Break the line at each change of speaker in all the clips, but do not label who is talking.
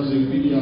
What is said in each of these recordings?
tó ṣe pé ní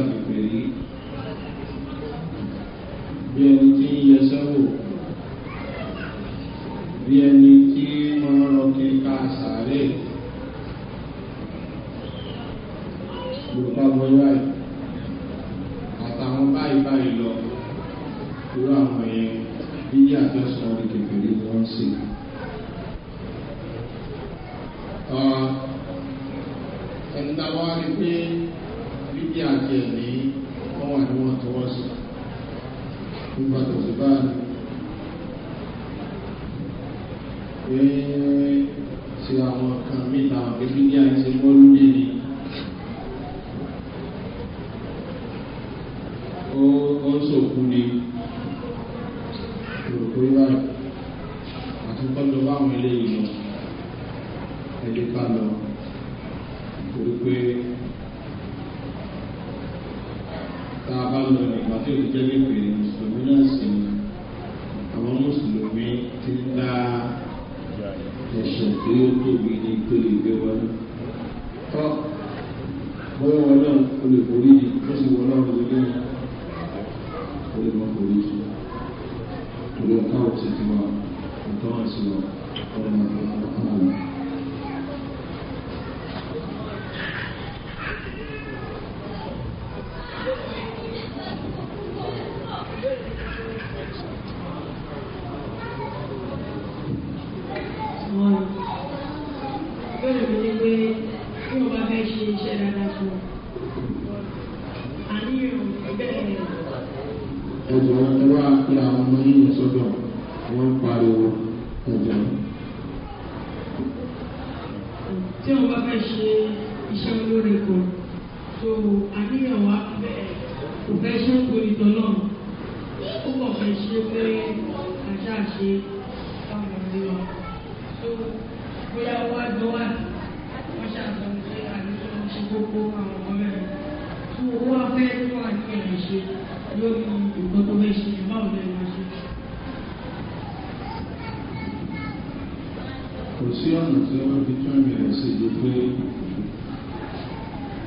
sí ọ̀nà tí wọ́n fi tún ẹ̀mí rẹ̀ sí ju pé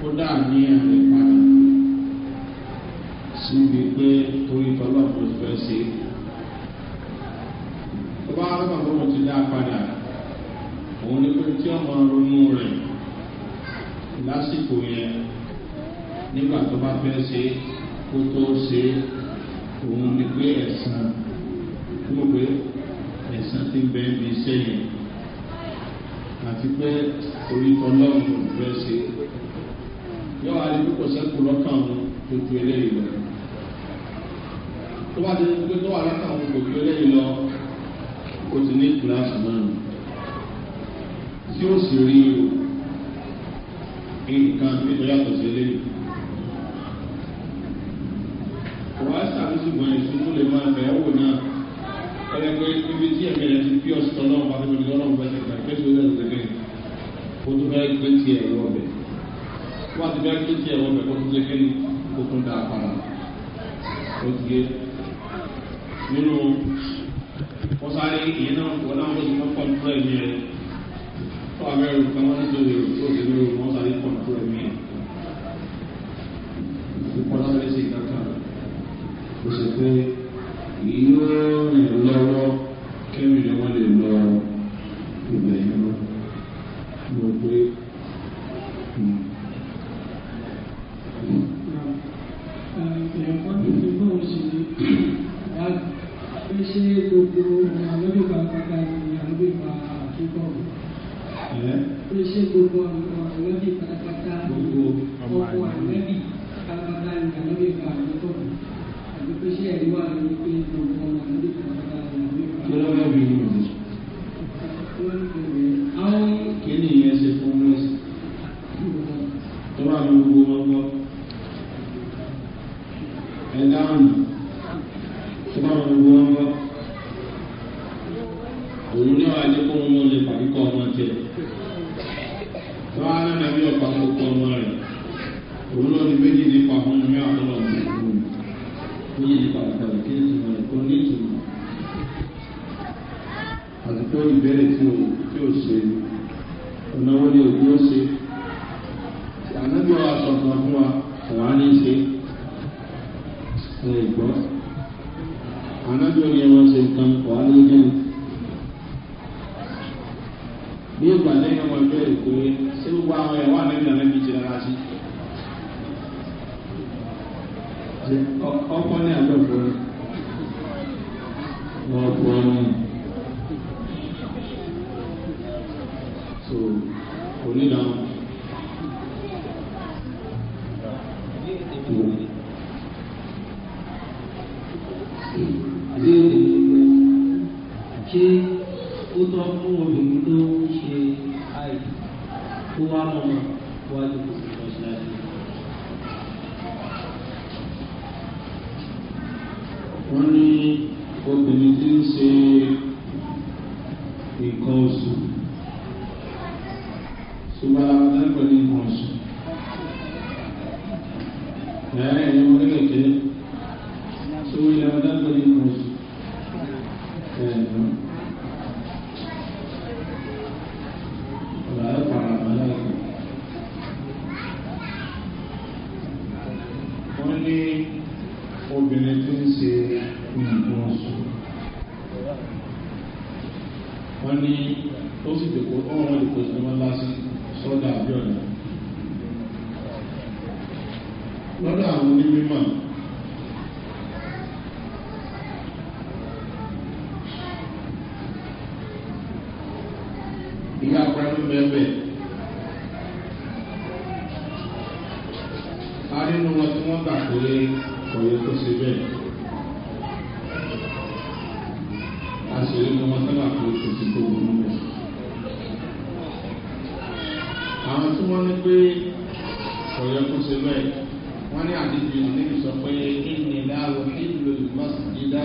ó dà ní ẹ̀rí padà síbi pé torí tọ́lọ́pù fẹ́ sí. tó bá rọ́bà tó mo ti dá padà òun ni pé tí ọmọ ronú rẹ̀ lásìkò yẹn nígbà tó bá fẹ́ ṣe kó tó ṣe òun ni pé ẹ̀sán tó pé ẹ̀sán ti bẹ́ẹ̀ bí sẹ́yìn àti pé orítọ́ lọ́rùn kò fẹ́ ṣe yọ àdìgbò kò sẹ́kù lọ́kàn gbogbo eléyìí lọ. tó bá ti ní pé tó wà lọ́kàn gbogbo eléyìí lọ o ti ní kíláàsì márùn tí ó sì rí o nǹkan nípa yàtọ̀ sí eléyìí. wàá sàbísì mọ́ ẹ̀sùn tó lè máa bẹ̀ ẹ́ wò náà ẹlẹ́gbẹ́ ibi tí ẹ̀mí rẹ̀ ti fi ọ̀sán náà wà lórí ọlọ́run bẹ́ẹ̀ o tún fẹ́ gbé tiẹ̀ wọ bẹ̀ wọ́n ti fẹ́ gbé tiẹ̀ wọ bẹ̀ kó tún ṣe kéde kó tún dà padà ó ti gé nínú wọ́n sáré ìyẹn náà wọ́n náà wọ́n ti fẹ́ kọ́ńtù ẹ̀mí rẹ̀ fún abẹ́rù kan wọ́n ti tó lè tó lè lórí wọ́n sáré kọ́ńtù ẹ̀mí rẹ̀ kó kọ́ńtù ẹ̀mí rẹ̀ sì kankan kó sì pé yóò. wọ́n ní àdéjì àdéjì sọ pé ìní láàrú ìlú ìmọ̀sídá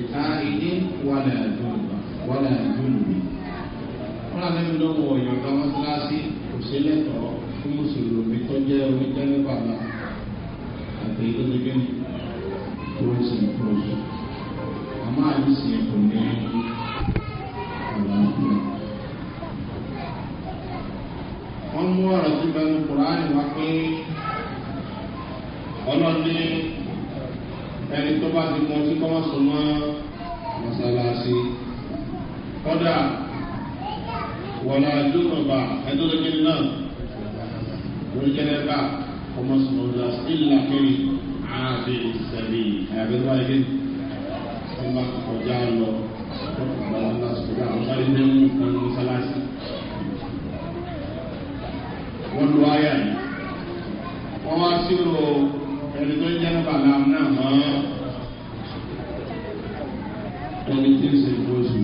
ìta ìdí wàlẹ̀ àdúgbò wọ́n àdéjì lọ́wọ́ ìyọ̀ǹda mọ́sálásí kò sí lẹ́tọ̀ọ́ fún mùsùlùmí tó jẹ́ oníjẹ́lẹ́ bàbá àti ìdókòwò tó ń sìn kúròsù àmọ́ àdúsì ẹ̀kọ́ ní àlàáfíà wọ́n mú ọ̀rọ̀ tí bẹ́ẹ̀ ní kùránì ọlọ́ni ẹni tó bá ti mọ tí kọ́ wọ́n so mọ́ mọ́sálásí kọ́dà wọ̀lá ìdúnàbà ẹ̀dọ́dọ́gẹ́ni náà oríkẹ́lẹ́bà ọmọ sọ̀rọ̀dà ìlà kiri ààbẹ̀ ìsẹ̀lẹ̀ ẹ̀bẹ̀rẹ̀ ayé ọmọ kọjá lọ wọ́n lo ayà yìí wọ́n wá sí ro ẹni tó jẹ́ bàlá náà mọ́ ẹni tí ń ṣe ìgbóṣù.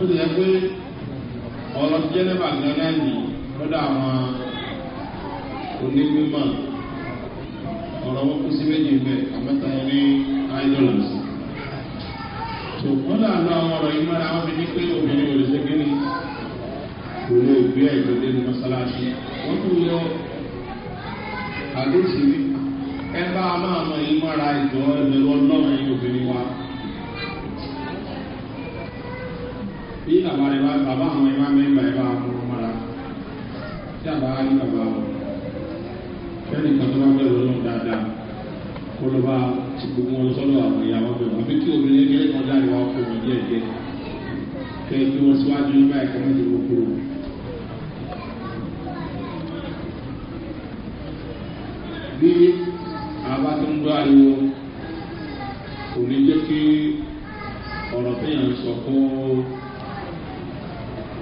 ó ti yẹ pé ọ̀rọ̀ jẹ́nẹ́bà gan-an ní lọ́dọ̀ àwọn onímọ̀ ọ̀rọ̀ wọn kú sí méjì bẹ́ẹ̀ àmọ́ta ní idols. tó wọ́n dà lọ àwọn ọ̀rọ̀ yìí mọ́ra wọn fi ní pé obìnrin ò lè ṣe kí ni kò lè gbé ẹ̀jọ̀ dé ní mọ́sálásí. wọ́n tún yọ àdéhùn mi ẹ bá a máa mọ yín mọ́ra ìjọ ẹgbẹ̀rún ọlọ́run ẹ̀yìn obìnrin wa. bí bàbá rẹ bá bàbá àwọn ẹ̀ máa mẹ́rin bàbá àwọn ọmọ mọ́ra tí àbá rí bàbá wọn. fẹ́ẹ̀nì kan tó bá bẹ̀rù ọlọ́run dáadáa kó ló bá ti gbogbo wọn sọ́dọ̀ àwọn ìyàwó bẹ̀rù àbí kí obìnrin ẹgbẹ́ kan dáre wá fún wọn díẹ̀díẹ̀ kẹ́ ẹ gbé wọn síwájú nígbà ìkọ́mọ́tò gbogbo bí àbá tó ń gbọ́ ariwo kò ní jẹ́ kí ọ̀rọ̀ téèyàn ń sọ kó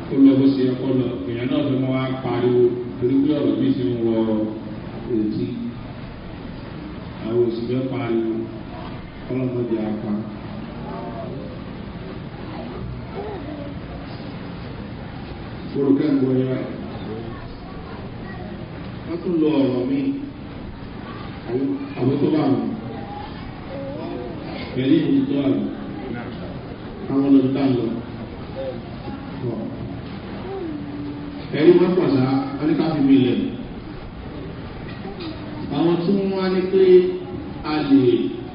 kó lọ bó ṣe yẹ kó lọ èèyàn náà fẹ́ mọ́ wá pariwo torí pé ọ̀rọ̀ mi ti ń wọ ètí àwọn òsì fẹ́ pariwo ọlọ́mọdé apá. Forúkẹ́ ń gbọ́ yẹn báyìí. Wọ́n tún lọ ọ̀rọ̀ míì àwé tó bá wù pẹ̀lú ìlú tó wà lù àwọn ọlọ́dún tá ń lọ. ẹ̀rí wọn pàṣá wọn ní ká fi mí lẹ̀. àwọn tí wọ́n wá ní pé a lè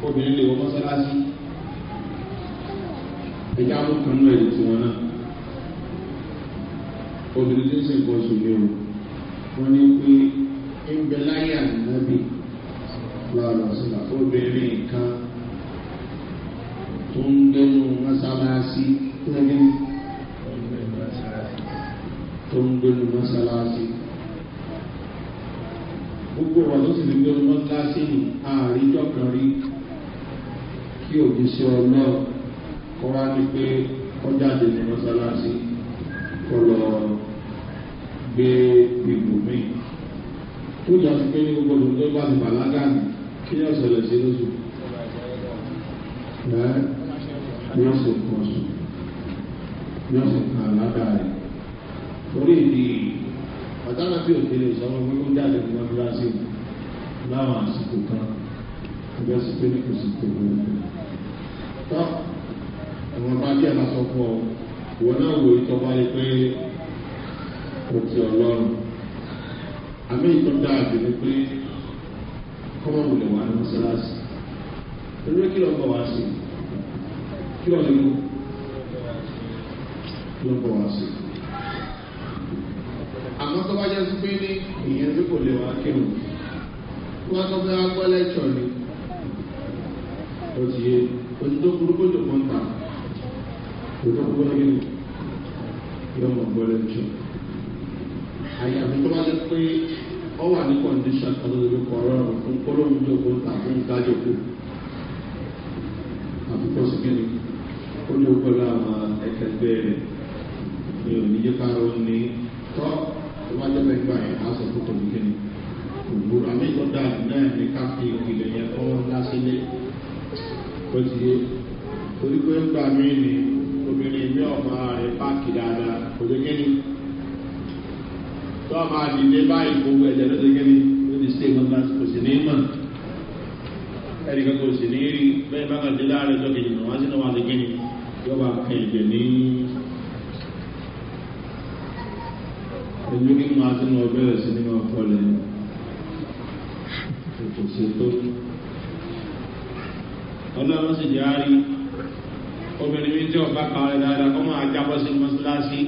obìnrin lè wọ́n mọ́sálásí ẹ̀já ló kan náà ẹ̀rí tiwọn náà. ni ò ní jẹ́ káàró ní tọ́ tó bá jẹ́ pẹ́gbà yẹn á sọ fún tòun kíni òwúrọ̀ àmì ìtọ́jà náà ní ká fi ìpìlẹ̀ yẹn kọ́ lásìlẹ̀ ó ti yé torí pé gbà mí ni obìnrin mi ọ̀pá rẹ̀ páàkì dáadáa kò jẹ́ kíni tó a máa dìde báyìí gbogbo ẹ̀jẹ̀ ló ti kíni ló ti ṣe gbọ́dọ̀ kò sì ní mọ̀ ẹ̀rí kan kò sì ní rí bẹ́ẹ̀ bá kàn dé láàrin ọjọ́ kejì náà wá sínú wa ti kíni yọba kan ẹ̀jẹ̀ ní omi nínú àti nínú ọbẹ̀rẹ̀ sí nínú ọkọ̀ rẹ̀ kò sí tó ọlọ́run sì jẹ́ àárí obìnrin mi tí ọba kan rẹ̀ dáadáa kọ́ máa jábọ́ sí mọ́síláṣí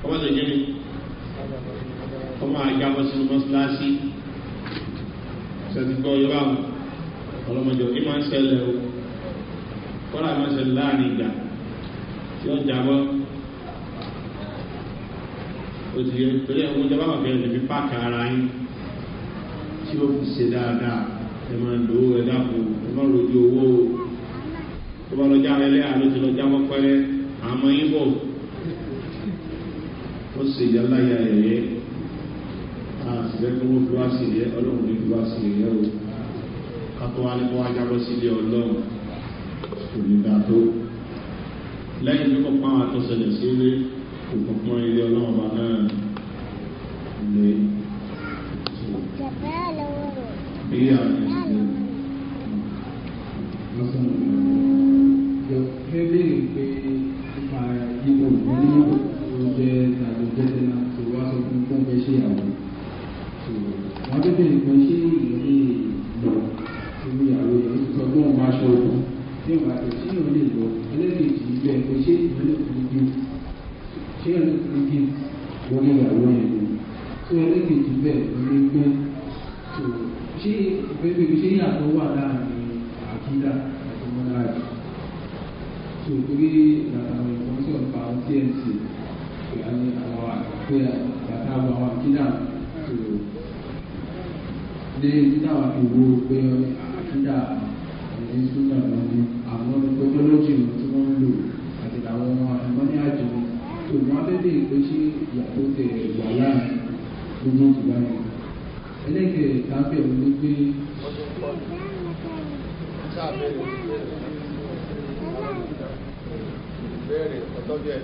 kọ́ máa tẹ̀lé mi kọ́ máa jábọ́ sí mọ́síláṣí ṣètìgbọ́ yorùbá ọlọ́mọdé òkè máa ń ṣẹlẹ̀ o kọ́lá máa láàrin ìgbà tí ó jábọ́ ó ti yẹ torí ẹ̀wọ̀n ìjọba máa fi ẹ̀sìn fi páàkì ara yín tí ó fi ṣe dáadáa ẹ máa lò ó ẹ dàpọ̀ ẹ máa rojú owó o tó bá lọ já rẹ lẹ́yà ló ti lọ já mọ́pẹ́rẹ́ àmọ́ yín bọ̀ ó sì yá láyà ẹ̀yẹ àṣìṣẹ́ tó wọ́n fi wá sí ilé ọlọ́run ní fi wá sí ilé o kátó wá ní kó wá jábọ́ sí ilé ọlọ́run kò ní dáa tó lẹ́yìn tó kọ́ pa àwọn sí ilé òkùnkùn ilé
dé táwọn ìwò pé àkídà ẹ̀yìn súnà náà ni àwọn gbogbolójì tí wọ́n ń lò àti àwọn ẹ̀mọ́ ní àjò tó wọ́n dédé pé ṣé ìyàtọ̀ tẹ wà láàrin gbogbo ìgbà yẹn. ẹlẹ́kẹ̀ tábẹ̀ ò ní pé.
Bẹ́ẹ̀ni, ọ̀tọ́ bí ẹ̀.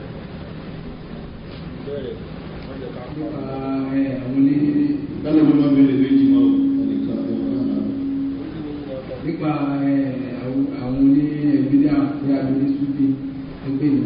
Bẹ́ẹ̀ni, wọ́n jẹ ká. Àwọn ilé gbọ́dọ̀ ló máa bẹ̀rẹ̀ méjì mọ́ o nípa àwọn oní ẹ̀mí ní àpò àbí ní súnbí ẹgbẹ́ ìlú.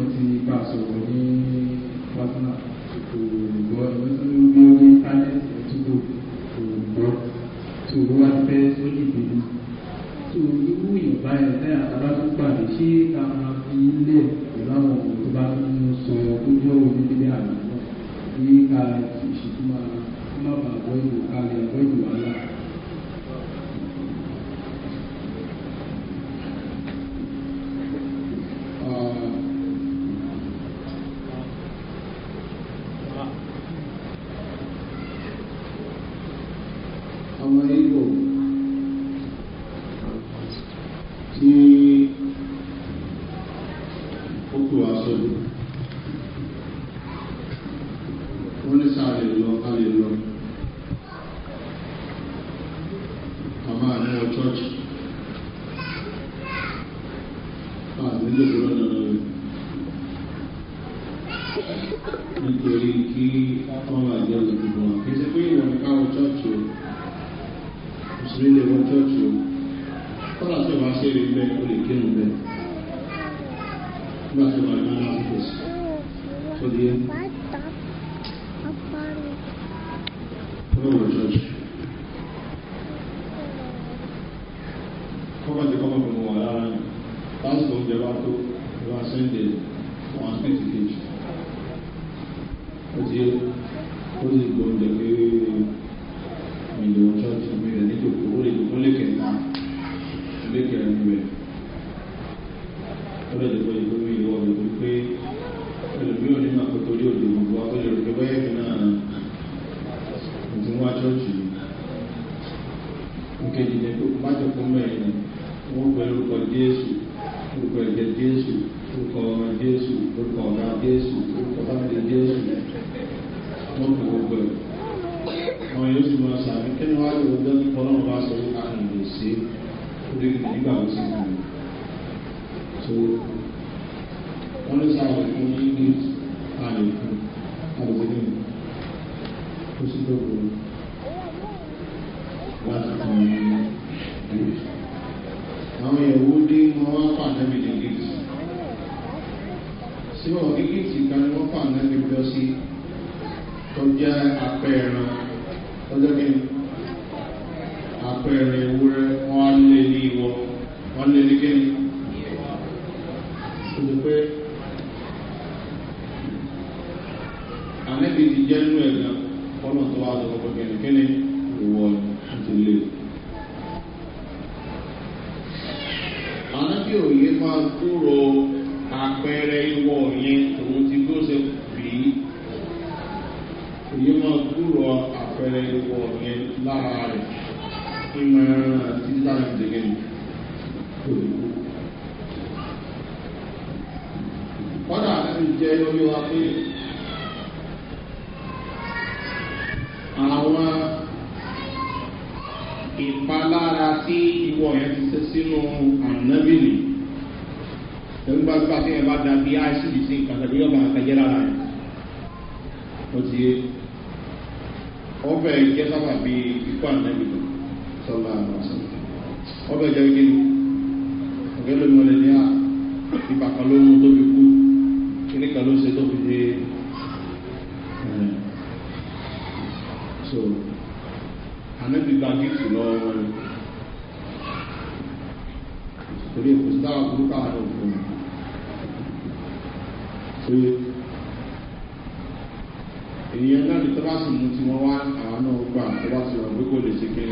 ó lè lọ́wọ́ ìlú mi ìwọ mi wípé ẹlòmí ò ní máa kó torí òdò gbogbo wa ó lè rò pé báyẹ̀ mi náà mo ti wá ṣọ́ọ̀ṣì nkejì ní pé májọ fún mẹ́rin wọ́n pẹ̀lú orúkọ jésù orúkọ ẹ̀jẹ̀ jésù orúkọ jésù orúkọ ọ̀gá jésù orúkọ báńkì jésù wọ́n kò gbogbo ẹ̀ àwọn yóò sì máa sàmì kí ni wọ́n á lè wọ́n dẹ́nu kọ́ náà wọ́n á sọ wípé àwọn ènìyàn sí orí ìgbà wọ́n sì náà ní tọ́ba sì mú tí wọ́n wá àwọn náà gbà tọ́ba sì wà pé kò lè ṣe kẹ́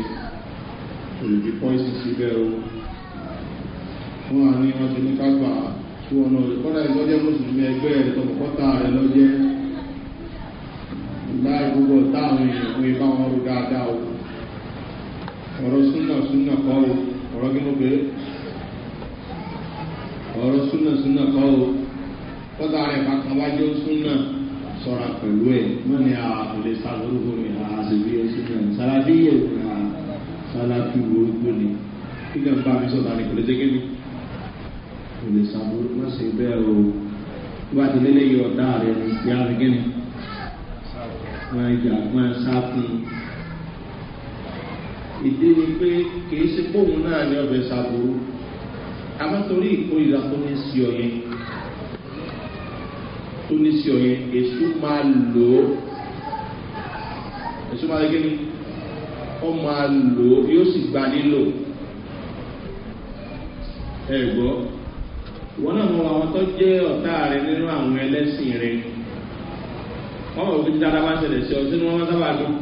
kò lè fi pọ́ìsì o fún wa ní wọ́n ti ní ká gbà tí wọ́n náà lè kọ́dà ìlọ́jẹ́ mùsùlùmí ẹgbẹ́ ẹ̀ tọkọ̀kọ́ta rẹ̀ lọ́jẹ́ láì gbogbo táwọn èèyàn fún ibà wọn rú dáadáa o ọ̀rọ̀ súnà súnà o ọ̀rọ̀ kí ló o kọ́dà sọ́ra pẹ̀lú ẹ̀ wọ́n ní àlè sàlórúkọ ní àṣìbí oṣù náà sàlàbí yẹ̀ wọ́n á ni kíkẹ́ ń bá mi sọ̀tà ní kò lè jẹ́ kébi kò lè sàlórúkọ ni wọ́n ìjà wọ́n sáfún ìdí ni pé kì í ṣe póun náà ní ọbẹ̀ sàbòrò àmọ́ tó ní sí ọ yẹn èso máa lò ó èso máa lè kí ni ó máa lò ó yóò sì gba nílò ẹ gbọ́ ìwọ náà mọ àwọn tó jẹ́ ọ̀tá rẹ nínú àwọn ẹlẹ́sìn rẹ wọ́n mọ̀ pé dáadáa bá ń ṣẹlẹ̀ sí ọ sínú wọn sábà dùn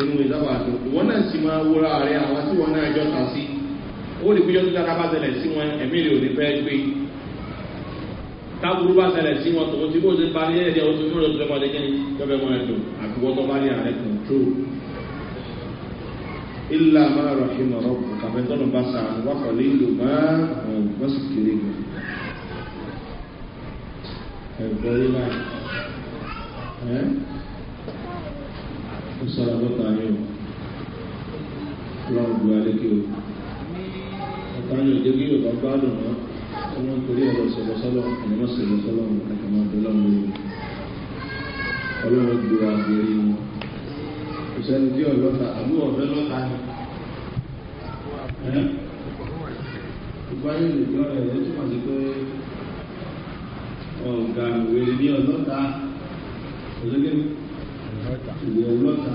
inú ìsábà dùn ìwọ náà sì máa wúra rẹ àwọn tí wọn náà jọ ta sí ó lè tó dáadáa bá ṣẹlẹ̀ sí wọn ẹ̀mí rẹ ò ní fẹ́ gbé táburú bá ṣẹlẹ̀ sí wọn tòun tí kò ṣe parí ẹ̀ẹ́dẹ́ oṣù tí wọ́n lọ sọ́kọ́ ọdẹ kẹ́ni tọ́fẹ́ mọ́ ẹ̀dùn àbúkọ́ tó bá ní ààrẹ kọ̀ǹtró. ilà máa rọ̀ ṣe mọ̀rọ̀ kò kàfẹ́ tọ́nà bá sa wákọ̀ lílo máa wọ́n sì kéré gan. ẹ̀gbọ́n rí náà ẹ́ ó sọ̀rọ̀ lọ́ta ní o lọ́rùn bu alẹ́ kí o ọ̀tá ní òjò kí yorùbá gbádùn náà ọlọ́run torí ẹ̀rọ ìṣẹ̀lọ́sọ́lọ́ àmọ́sẹ̀lọ́sọ́lọ́ àtàwọn ọ̀dọ́lọ́run lè ọlọ́run gbé wa gbèrè wọn kò sẹ́ni bí ọlọ́ta àbí ọ̀fẹ́ lọ́ta ni ìgbáyé lè gbọ́ rẹ̀ ló túmọ̀ sí pé ọ̀gá wèrè ní ọlọ́ta òṣèlú ìwé ọlọ́ta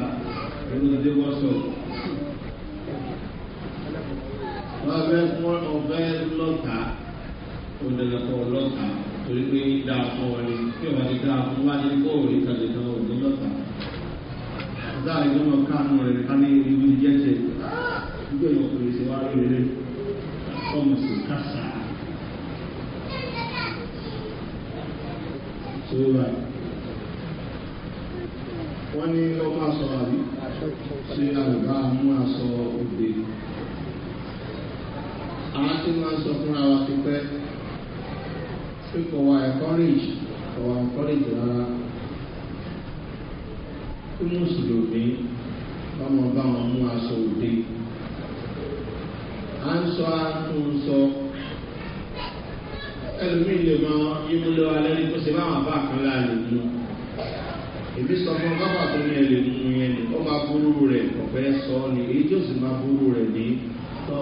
ẹnìyàdé wọ́sọ̀ wọ́n fẹ́ fún ọ̀fẹ́ lọ́ta olùdókòwò ọlọ́ta torí pé dáa fún ọ ni kí ọba ti dáa fún wá kó òní kan lè tán òní lọ́ta. ọ̀gá ìgbọ́nà káàánú rẹ̀ ká ní ibi jẹ́ tiẹ̀ gbé ọkùnrin sí wá rí rere ọmọ sí kásá. sọ́ra wọ́n ní lọ́pàá sọ àbí ṣe àgbà mú aṣọ òde. àwọn tí wọ́n sọ fúnra wa ti pẹ́ pé kò wá encourage kò wá encourage rárá kí mùsùlùmí ọmọ bá wọn mú aṣọ òde à ń sọ àtúnṣọ ẹlòmíì lè mọ ìmúlò alẹ́ ní kó ṣe báwọn bá kan láàyè mú èmi sọ fún bàbá tó ní ẹlẹ mú yẹn ni ó máa burú rẹ ọ̀fẹ́ sọ ni èyí tó sì máa burú rẹ ní tọ́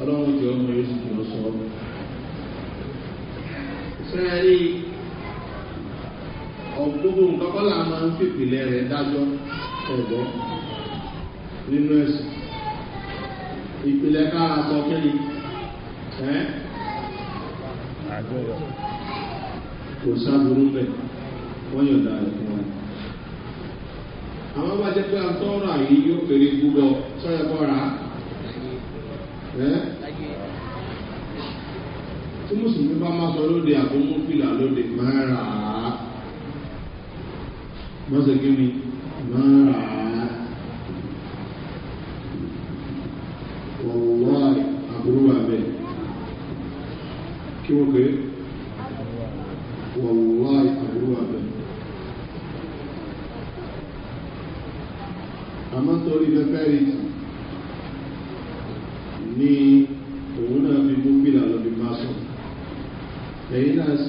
ọlọ́run jẹ́ ọmọ yóò sì jù ú sọ ọ́. sẹ́ẹ̀rí ọ̀gbogbo nǹkan kọ́lá máa ń fìpìlẹ̀ rẹ̀ dájọ́ ẹ̀gbọ́ nínú ẹ̀sìn ìpìlẹ̀ kẹ́lì kò sáàbùrú bẹ̀ wọ́n yọ̀dá àwọn bá jẹ́ pé àtọ́rọ̀ àyè yóò kéré gbúgbọ́ sọ́yẹ̀kọ́ rà tí mùsùlùmí bá máa sọ lóde àbómúfìlà lóde máa rà á mọ́sẹ̀ kí ni máa rà á ọ̀wọ́ àbúrò wà bẹ́ẹ̀ kí wọ́n pé ọ̀wọ́ àbúrò wà àmọ́ torí fẹ́fẹ́ rí tàn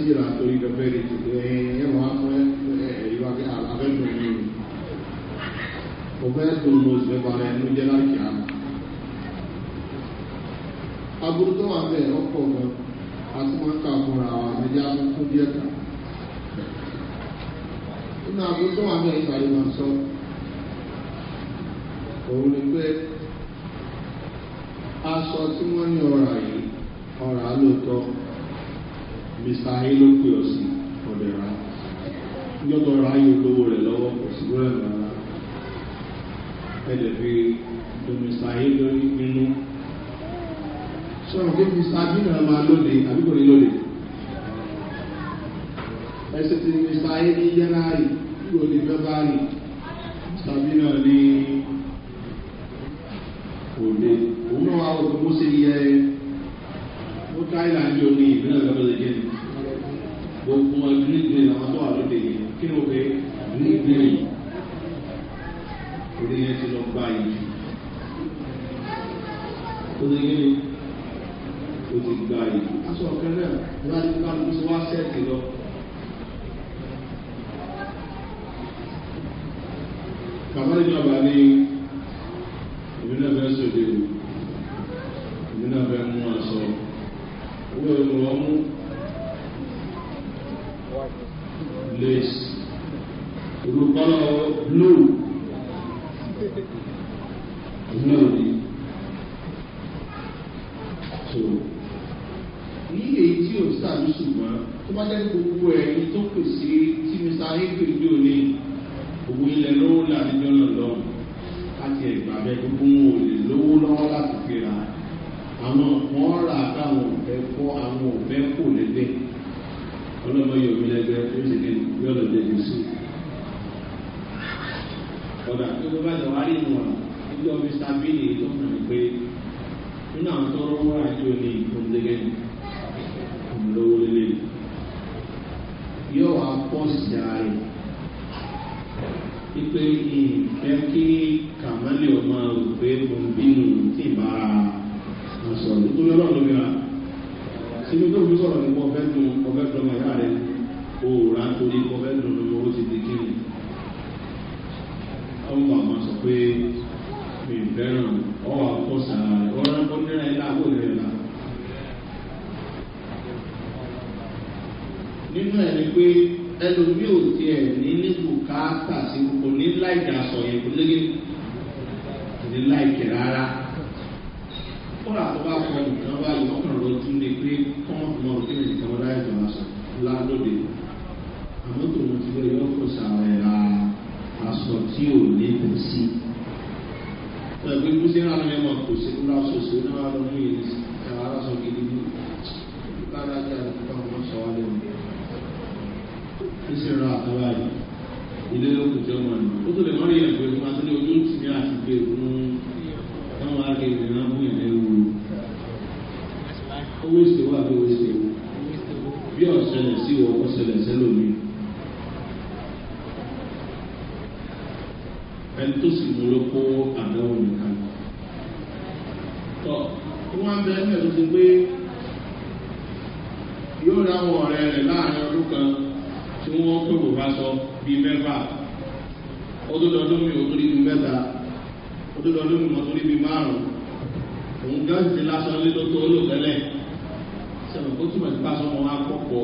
méjìlá torí kẹfẹ́ rí tètè ẹ̀yìn ẹ̀wọ̀n afẹ́ ìwà afẹ́dùn ní ìlú ọ̀fẹ́ tó lọ sí ẹ̀bàrà ẹ̀nu jẹ́ láti àná aburú tó wà bẹ́ẹ̀ ọkọ̀ gan àti máa ń kà fúnra wa ẹja fún díẹ̀ kà nínú aburú tó wà bẹ́ẹ̀ ìparí máa sọ òun ni pé aṣọ tí wọ́n ní ọ̀rà yìí ọ̀rà lóòótọ́ mr ayé ló pè ọ sí ọ̀dẹ̀ rà níjọ́tọ̀ ra ayé olówó rẹ̀ lọ́wọ́ kò sí wẹ́rẹ̀ rárá ẹ̀dẹ̀ fi do mr ayé lórí nínú sọ̀rọ̀ pé mr abínà máa lóde àbí kò ní lóde ẹsẹ̀ ti mr ayé ní jẹ́nárì kúrò ní fẹ́bárì mr ní òde òun náà wà wọ́n tó mú sí yẹ mú táìlà ní oníyẹ. it will be ọmọ àmọ́ sọ pé mi fẹ́ràn ọwọ́ àkọsà ọ̀rọ̀ ọ̀nẹ́rẹ́ ẹ̀ láàbò rẹ̀ là. nínú ẹ̀ ni pé ẹlòmí ò tiẹ̀ ní nípò káàtà sí kò ní láìjà sọ yẹn kò lége kò ní láìjẹ rárá. kóra tó bá kọ nǹkan báyìí ọkàn ló tún lè pé kọ́ńtù náà kí ni nǹkan láìjọ máa sọ ládòde àmọ́ tòun ti lè yọ kó sàrẹ̀ rárá aṣọ tí ò lébùú sí. ẹgbẹ́ kú sí ìrànlọ́wọ́ ẹ̀mọ́ kò sí nínú aṣọ sí ní wàá lọ́nà yìí ẹ̀rọ aláṣọ gidi ní kára jẹ́ àdúgbò àwọn ọmọ sọ wá lẹ́nu. ṣíṣe ra àtàwà yìí ilé lókùn jẹ́ ọmọ ẹ̀mọ́ ó tó lè mọ́rí ẹ̀gbẹ́ fún wa tó ní ojú tì ní àti gbé e fún táwọn akéwì náà mú ìlẹ̀ wò. owó ìṣèwà bí owó ìṣèwò bí ọ̀ṣẹ̀lẹ̀ sí ọkọ̀ sẹ́lómi ẹni tó sì mú ló kó àdáwò nìkan. tọ́ wọ́n ń bẹ ẹ́ mẹ́rin ti pé yóò dáwọ́ ọ̀rẹ́ rẹ̀ láàrin ọdún kan tí wọ́n pè kò bá sọ bíi mẹ́fà ọdúndọdún mi ò tó níbi mẹ́ta ọdúndọdún mi ò tó níbi márùn-ún òun gán ti lásán lé lótó olóòtẹ́lẹ̀ sẹ́wọ̀n kó túmọ̀ sí pásán wọn á kọ́kọ́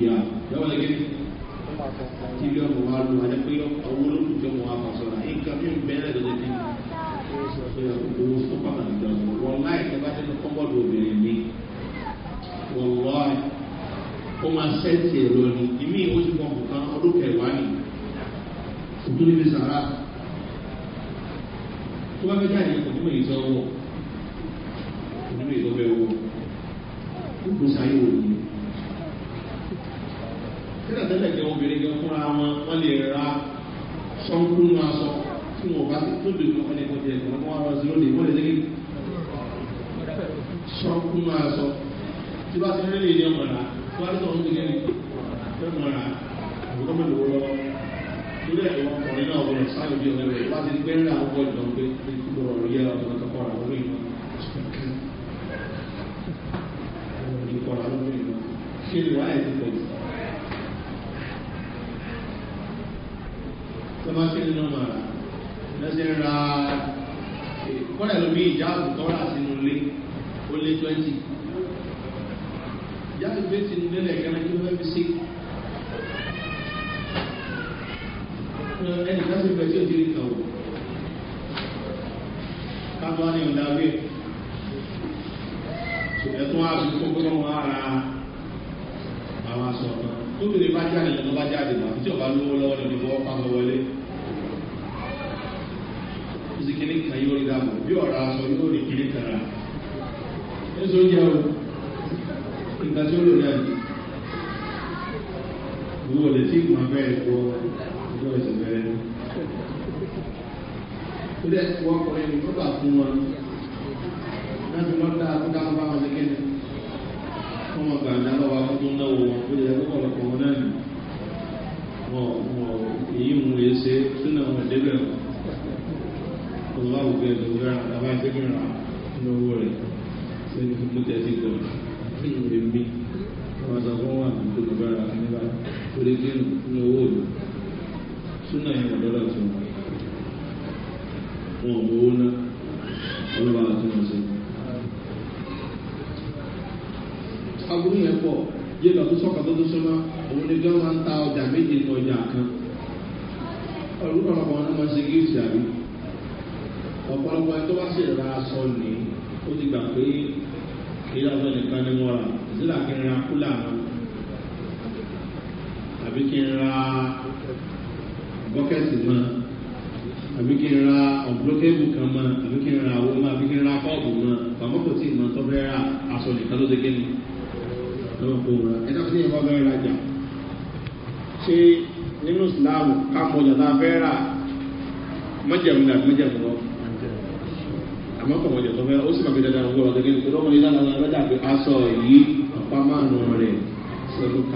ìyá lọ́wọ́ lẹ́gẹ́ tí ilé ọmọ wa lu àjẹpẹ́ owó lókùn tí ọmọ wa fà sọ́ra nǹkan bí bẹ́ẹ̀rẹ̀ lọ́dẹ bí owó sọ́pàmà nìkan wọ́n láì tẹ́ bá tẹ́lẹ̀ kọ́bọ̀dù obìnrin ni wọ́n lọ́ ẹ̀ ó máa sẹ́ǹtì ẹ̀rọ ni ìmí ìwọ́n ti pọ̀ nǹkan ọdún kẹwàá ni òtún níbi sàrà tó bá fẹ́ jáde kò ní mọ̀ ìsanwó kò ní mọ̀ ìsanwó ẹ̀wọ̀ kó kó sáyé wò ni tẹ́lẹ̀ tẹ́lẹ̀ jẹ́ obìnrin kan fúnra wọn wọ́n lè ra sọ́nkúnú aṣọ tí wọn bá tó lè lọ ọ̀nà ìkọ̀jẹ̀ ìkọ̀jẹ̀ wọn wá sí lónìí wọ́n lè lé sọ kú máa sọ tí bá ti rí lè ní ọmọ rà tí wọ́n á ń gbé ní ọmọ rà àbúkọ́ mọ̀ lówó lọ́wọ́ lórí ẹ̀rọ ọkùnrin náà wọlé sáyé bí ọ̀rẹ́ rẹ̀ wá ti gbé ńlá àwọn bọ́ọ̀lù náà gbé kúrò ọ̀rọ̀ yẹ ọ̀dọ̀ kọ̀ọ̀rọ̀ àwọn orí ìlú kọ̀ọ̀rọ̀ àwọn orí ìlú tó ṣe ń ra eh, kọ́lá ló bí ìjáàbù tó rà sínú ilé ó lé twenty ìjáàbù tó ti nílé lẹ́ẹ̀kan tó fẹ́ fi sí. ẹnì kan sì fẹ́ tí ò ti rí kàn wò ká tó wá ní ọ̀dà wíì ẹ̀tún àti kókó tó wọ́n ara. bí ọ̀rọ̀ aṣọ yóò rí kiri kara ẹ̀sọ́ jẹ́ o nǹkan tí ó lò náà ni ìwọ lè tí màá bẹ́ẹ̀ kó ọjọ́ ìṣẹ̀bẹ̀rẹ̀ ni. ó dẹ́ wọ́n kọ́ ẹni tó bá fún wọn ní.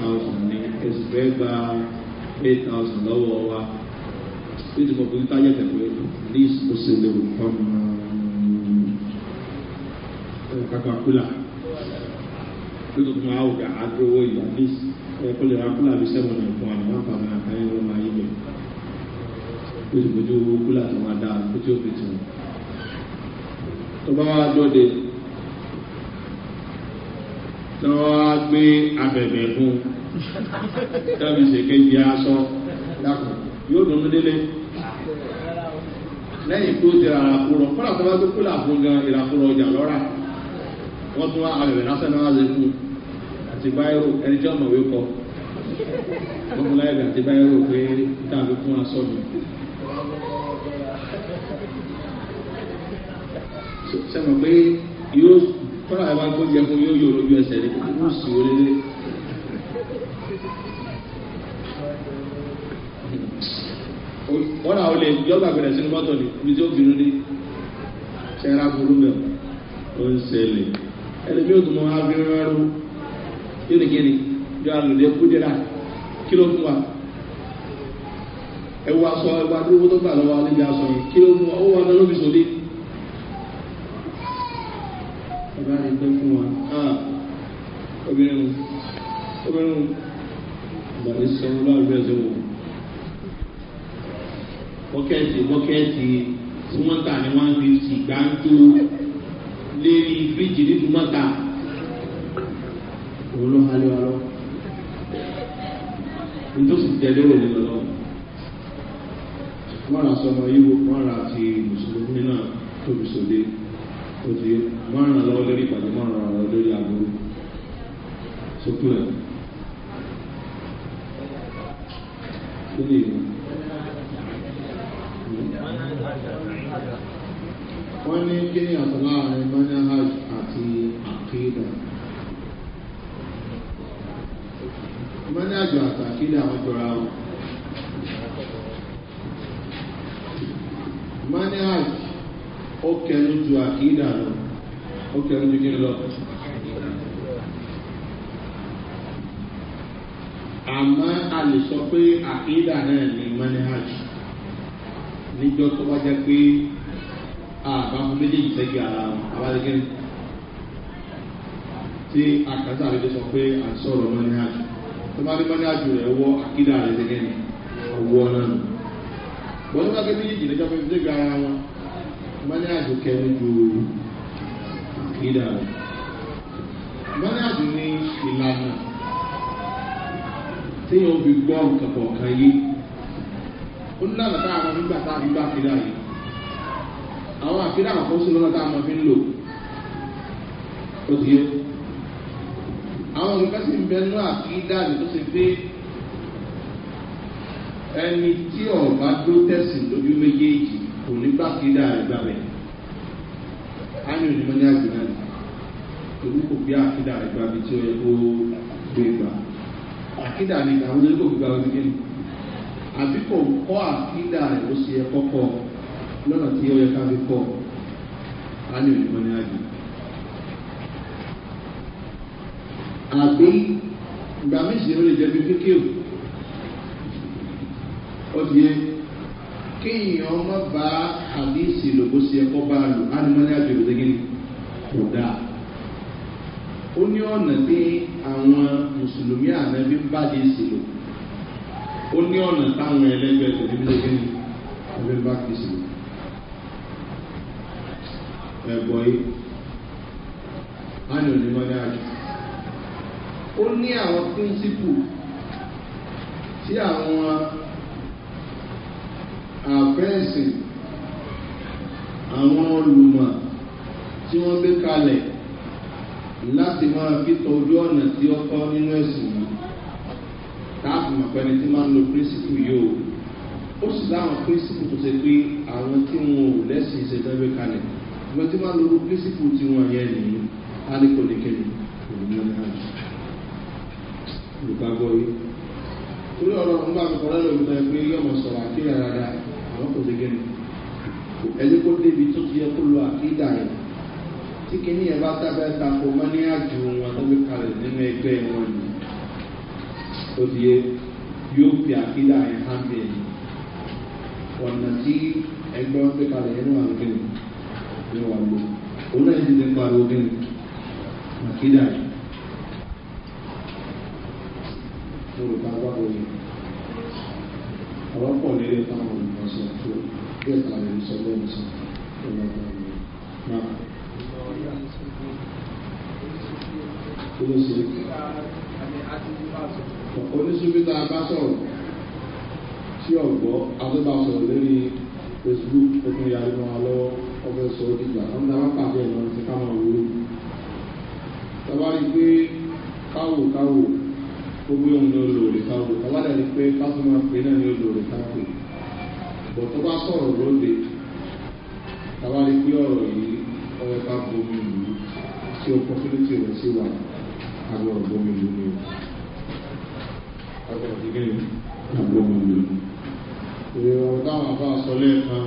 thousand ní ẹ̀sùn fẹ́ gba eight thousand lọ́wọ́ wa bí ti mọ̀ pé táyà tẹ̀ pé lease ó ṣe lè wò fún kakakula bí tó tún máa wò ká agbowó ìyá lease ẹ̀kọ́ lè ra kúlà bí sẹ́wọ̀n náà fún àná tí wọ́n wá gbé abẹ̀bẹ̀ fún tẹ́bi ṣèké di aṣọ dákùn yóò dùn délé
lẹ́yìn tó jẹ́ àràkúrọ̀ kọ́lá tó bá tó kúlà fún gan ìràkúrọ̀ ọjà lọ́ra wọ́n tún wá abẹ̀bẹ̀ lásán
náà wáṣẹ fún àti báyìí ẹni tí ọmọ wíkọ wọ́n mú láyé àti báyìí pé tàbí fún aṣọ mi. sẹ́mi pé yóò tọ́lá àwọn bá kó jẹ fún yóò yọ lójú ẹsẹ̀ ní kókó sí orílẹ̀ wọ́n náà ó lè bẹ̀rẹ̀ sínú mọ́tò ní ibi tí ó bínú ní ṣẹ́ra burú mẹ́wọ̀ ó ń mọ́ kí ló fún wa tó gbà lọ́wọ́ aṣọ yìí kí ló fún wa ó ah bá rí pé fún wa obìnrin obìnrin ìgbàlẹ̀ sọ̀rọ̀ láàrin ẹ̀sẹ̀ wò bọ́kẹ́ẹ̀tì bọ́kẹ́ẹ̀tì tí wọ́n tà ní one fifty gbáǹtó lérí fíríjì nínú mọ́ta òun ló halẹ̀ wa lọ nítòsí tẹ̀lé òun lọ wọ́n ra sọmọ yíwo wọ́n ra ti mùsùlùmí náà tóbi sóde tó ti yẹ. wọ́n ràn lọ́wọ́ lórí ìbàjẹ́ wọ́n ràn lórí àbúrò sókè nke tó lè wọ́n ní kí ni àtọ̀ manahaj àti àkídà manahaj àti àkídà àwọn jọra wọn. manahaj ó kẹnu ju àkídà lọ. ó kẹrin ju kí n lọ. àmọ́ a lè sọ pé àkídà náà ni manihaj níjọ́ tó bá jẹ́ pé àbámu méjèèjì tẹ́gì ara wọn abájẹ́gẹ́ tí àkàtà rẹ̀ sọ pé à ń sọ̀rọ̀ manihaj tó bá ní manihaj rẹ̀ wọ́ àkídà rẹ̀ tẹ́gẹ́ ni ọwọ́ náà nù. wọ́n tó bá gé méjèèjì níjọ́ pé tẹ́gì ara wọn manihaj kẹrin ju àkídà rẹ̀ mọ́nàdù ní ìlànà téèyàn fi gbọ́ nǹkan kọ̀ọ̀kan yé ó ní lànà táwọn ọmọ nígbà táwọn gbà àkídà yìí àwọn àkídà àkọ́kọ́ sí lọ́nà táwọn ọmọ fi ń lò ó ti yé àwọn nǹkan sì ń bẹnu àkídà rẹ̀ tó ṣe pé ẹni tí ọba tó tẹ̀sí lójú méjèèjì kò ní gbàkídà rẹ̀ gbàgbẹ́ á ní onímọ̀ ní àgbẹ̀dá. kò gbé àkídà rẹ̀ gba ibi tí ó yẹ kó gbé gbà àkídà ni àwọn olórí kò gbé àwọn ìdílé àbí kò kọ́ rẹ̀ ó lọ́nà tí ó yẹ ká fi kọ́ òyìnbó ní àjò. àbí ìgbà méjì ló lè jẹ́ bí kékeré ó ti yẹ kéèyàn ọmọ bá àdéhìsì lòbó ṣe bá lò á ní àjò kò dáa. ó ní ọ̀nà tí àwọn mùsùlùmí ànábí ń bàdé ìsìlò ó ní ọ̀nà táwọn ẹlẹ́gbẹ́ tẹ̀lé bí lókè ní ẹgbẹ́ bá fi ìsìlò ẹ̀bọ̀ yìí á ní òní mọ́dé àjò
ó ní àwọn píńsípù tí àwọn
àfẹ́sìn àwọn olùmọ̀ tí wọ́n gbé kalẹ̀ láti máa fi tọ ojú ọ̀nà tí ó tọ́ nínú ẹ̀sìn yìí káàpù màpẹni tí máa ń lo pírísìpù yìí o ó sì dáhùn pírísìpù tó ṣe pé àwọn tí wọn ò lẹ́sìn ṣe dábẹ́ kalẹ̀ ìgbà tí máa ń lo pírísìpù tí wọn yẹn nìyí alikò ní kẹ́mi kò ní ní àjò olùgbàgbọ́ yìí torí ọ̀rọ̀ ń bá àkọ́kọ́ lọ́dọ̀ òkúta pé yọ̀mọ̀ sọ̀rọ̀ àkíyà rárá àwọn kò ṣe kẹ́mi ẹ̀jẹ̀ kó débi tó ti yẹ kó lo àkíyà yẹn tí kìíní ẹ̀ bá tábẹ́ tako mọ́ ní àjò wọn tó fi kalẹ̀ nínú ẹgbẹ́ wọn ni ó di yóò fi àkídà yẹn hàn bí ẹni ọ̀nà tí ẹgbẹ́ wọn fi kalẹ̀ nínú àwọn kéwì ní wà gbó òun náà ti ti pariwo kéwì àkídà yẹn. mo rò bá gbàgbọ́ yẹn ọ̀rọ̀ nílé táwọn olùkọ́ tó bí ẹ̀ka rẹ̀ sọ lọ́wọ́ sọ ọ̀rọ̀ náà oníṣubí tá a bá sọ̀rọ̀ tí ọ̀gbọ́ adébàsọ̀rọ̀ lórí facebook ẹkùn ìyá inú wa lọ́wọ́ ọ̀fẹ́ sọ ọ́ dìgbà wọn dábàá pàdé ẹ̀ lọ́wọ́ sí káwọn òwúrò tọ́ba rí pé káwò káwò gbogbo ohun ni olóore káwò tọ́ba dẹ̀ rí pé kásùmá pé náà ni olóore káwò bọ̀ tọ́ba sọ̀rọ̀ lóde tọ́ba rí pé ọ̀rọ̀ yìí ọ̀rẹ́ ká bomi tí opportunity rẹ̀ sí wà agbọ̀n ọ̀gbọ̀n ìlú ni agbọ̀n ìlú ìrọ̀ dáwọn àbá sọlẹ̀ kan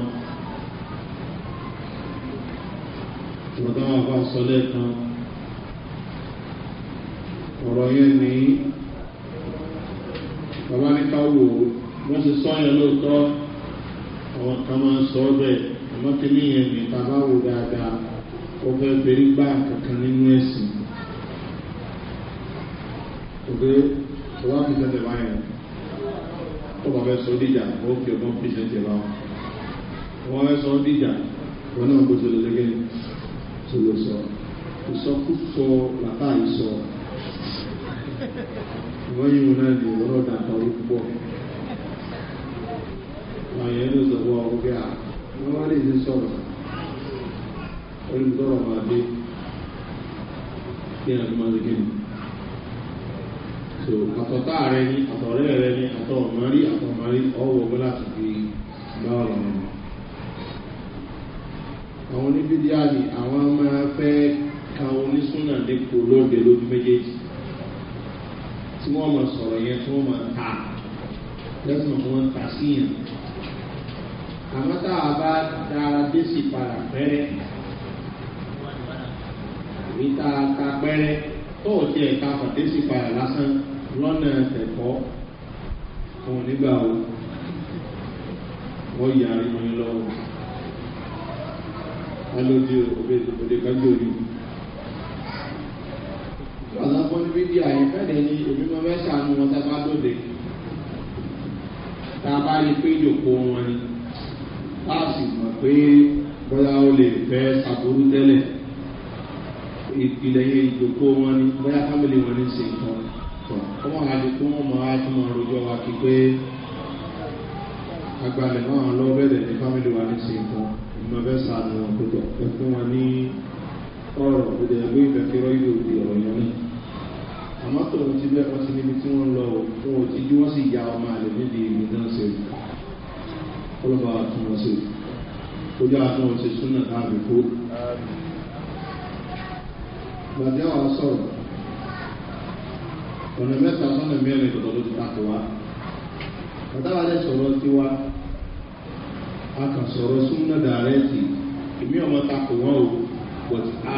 ìrọ̀ dáwọn àbá sọlẹ̀ kan ọ̀rọ̀ yẹn ní bàbá ní káwò wọ́n ti sọ́yẹ̀ lóòtọ́ àwọn kan máa ń sọ ọ́ bẹ́ẹ̀ ó fẹ́ fẹ́rí gbá kankan nínú ẹ̀sìn òkè tó wá pèsè tẹ̀ báyẹn ó bá fẹ́ sọ díjà ó fi ọgbọ́n pèsè tẹ̀ bá wọn fẹ́ sọ díjà wọn náà kó tó lọ lẹ́gẹ́ tó lọ sọ ìsọkúsọ làtà ìsọ ìwọ́n yìí wọn náà lè wọ́n náà dàgbà ó pọ̀ àwọn yẹn ló sọ wọ́n wọ́n wá lè ní sọ̀rọ̀ olùdọ́rọ̀ máa dé ní àdúmọ̀ ní kíni so àtọ̀tá rẹ ní àtọ̀rẹ́ rẹ ní àtọ̀mọ́rí àtọ̀mọ́rí ọwọ́ ọgbẹ́ láti fi bá ọ̀rọ̀ wọn àwọn oníbídíà ni àwọn máa fẹ́ ka onísúnà lẹ́kọ̀ọ́ lóde lójú méjèèjì tí wọ́n máa sọ̀rọ̀ yẹn tí wọ́n máa ta lẹ́sìn tí wọ́n ta síyàn àmọ́ tá a bá dára dé sí ìta ta pẹ́rẹ́ tó ò tiẹ̀ ka fàdésì padà lásán lọ́nà ẹ̀kọ́ òun nígbà wo wọ́n yà á rí wọn lọ́wọ́ alóde òbí òde kájú òní. tí wọ́n sábọ́ níbi di àyè fẹ́lẹ̀ ni èmi máa fẹ́ sànù wọn tá a bá lóde tá a bá rí pé ìjòkó wọn ni láàsì mọ̀ pé bóyá ó lè fẹ́ sàbúrú tẹ́lẹ̀ ìpìlẹ̀ yẹn ìjòkó wọn ni bóyá fámìlì wọn ní ṣe nǹkan tọ̀ ọmọ àti kó wọn mọ àti mọ àròjọ wa kí pé agbalẹ̀ náà lọ bẹ̀rẹ̀ ní fámìlì wa ní ṣe nǹkan ìmọ̀ bẹ́ẹ̀ sàánù wọn kó tọ̀ ẹ fún wọn ní ọ̀rọ̀ òde ẹgbẹ́ ìfẹ́kẹ́rọ́ ìlú òde ọ̀rọ̀ yẹn ni àmọ́ tó o ti bẹ́ẹ̀ ọtí níbi tí wọ́n lọ wọn ò ti jí wọ́n sì ya ọmọ àlè níbi ìgbìdánsẹ̀ ọlọ́ba àtúnwọ̀nsẹ̀ ojú àtúnwọ̀nsẹ̀ súnà táàbì kó gbàdé àwọn sọ̀rọ̀ ọ̀nà mẹ́ta sọ́nà mẹ́rin tọ̀tọ̀ ló ti tako wa ọ̀táwà lẹ́ sọ̀rọ̀ tiwa a kàn sọ̀rọ̀ súnmọ́ dàrẹ́tì èmi ọmọ tako wọn o but a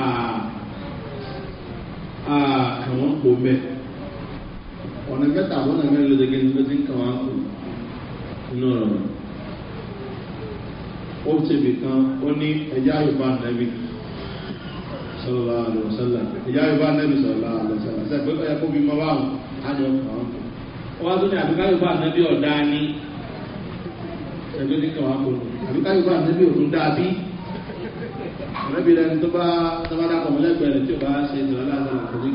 a kàn wọ́n pò mẹ́ ọ̀nà mẹ́ta sọ́nà mẹ́rin ló ti gé nígbà tí ń kàn wọ́n kù o ọ̀rọ̀ ó ṣe bìkan ó ní sọlọ́lá àlùsọ́lá ìyá yorùbá nẹ́bí sọlọ́lá àlùsọ́lá sẹ́gbẹ́ ọ̀yà kó bí mọ́wá àwọn àjọ kan wọ́n tún ní àbíká yorùbá nẹ́bí ọ̀dá ní ẹgbẹ́ ní kàwá kò àbíká yorùbá nẹ́bí òtún dá bí nẹ́bí rẹ tó bá tábàdà kọ̀ mọ́lẹ́gbẹ̀ẹ́ rẹ tí ò bá ṣe sọlọ́lá àlùsọ́lá kò ní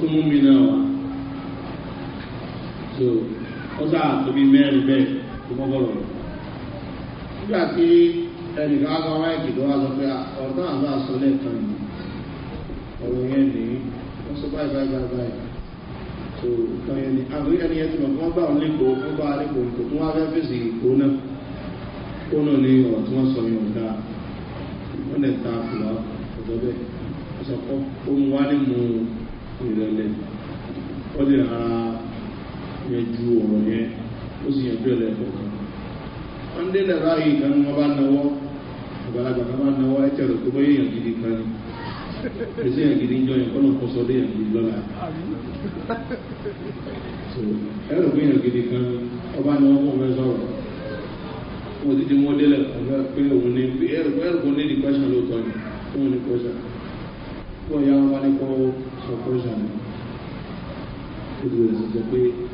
kíni mú mi náà wá so wọ́n sá tóbi mẹ́rin bẹ́ẹ̀ tó mọ́ bọ́lọ̀ nígbà tí ẹnìkan á sọ wáyé kìlọ́ wá sọ pé ọ̀tọ́ àbá sọ lẹ́ẹ̀kan yìí ọ̀rọ̀ yẹn ní wọ́n sọ báyìí báyìí báyìí báyìí so kan yẹn ní àbúrí ẹni yẹn ti mọ̀ wọ́n gbà wọn lẹ́kọ̀ọ́ wọ́n bá lẹ́kọ̀ọ́ kò tún wá fẹ́ fèsì ìkó náà ó náà ní ọ̀rọ̀ tí wọ́n sọ yẹn ọ̀dà wọ́n lẹ̀ ta fìlà ọ̀dọ́ bẹ́ẹ̀ wọ́n sọ pé ó ń wá ní mu ìrẹ̀lẹ̀ ó lè rárá yanjú ọ̀rọ̀ yẹn ó sì yanjú ẹ̀ lẹ́kọ̀ọ́ kan wọ́n dé lẹ́ra yìí kan wọ́n bá náwó àgbàlagbà kan bá náwó ẹ̀ tẹ̀lé pé bóyá èèyàn gidi kan ni èsì èèyàn gidi ń jọ yẹn kọ́nà kọ́sọ́ dé èèyàn gidi lọ́la ẹ rò pé èèyàn gidi kan ọba náwó kò fẹ́ sọ̀rọ̀ mo ti di mọ́dẹ́lẹ̀ ọ̀gá pé òun ní ẹ rò pé òun ní di kọ́ṣà lóòótọ́ ni òun ní kọ́ṣà bóyá wọn bá ní kọ́ sọ kọ́ṣà ni ó ti bẹ̀rẹ̀ sí sọ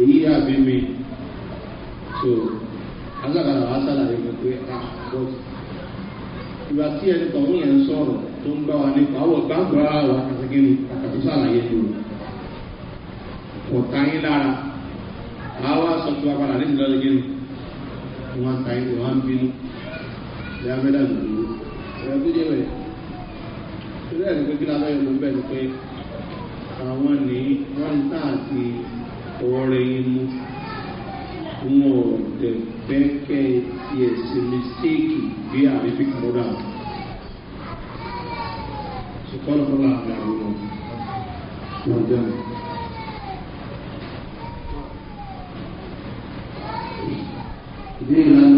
èyí àbí mi so agbára wa sálàyé mi pé àkọ́ ìgbà tí ẹni tọ̀hún yẹn ń sọ̀rọ̀ tó ń bá wa nípa àwọ̀ gbàgbọ́ ara wa kàtàkì ni àkàtú sàlàyé ni o kò ta yín lára àwa sọ fún wa padà ní ìlọrin gẹ́nu wọn ta yín wọn bínú ìyá mẹ́ta lòdì ẹ̀rọ tó jẹ́ bẹ̀rẹ̀ ìrẹ́lẹ̀ pé kí lábẹ́ yọ̀ ló bẹ̀rẹ̀ pé àwọn ní wọ́n ń tà àti ọ̀rẹ́ inú wọn ò dẹ̀ fẹ́ kẹ́ tiẹ̀ ṣe mistéèkì bí àrífi kàrọ́dà ṣùgbọ́n àgbà wọn wọn dáná. ìbéèrè náà.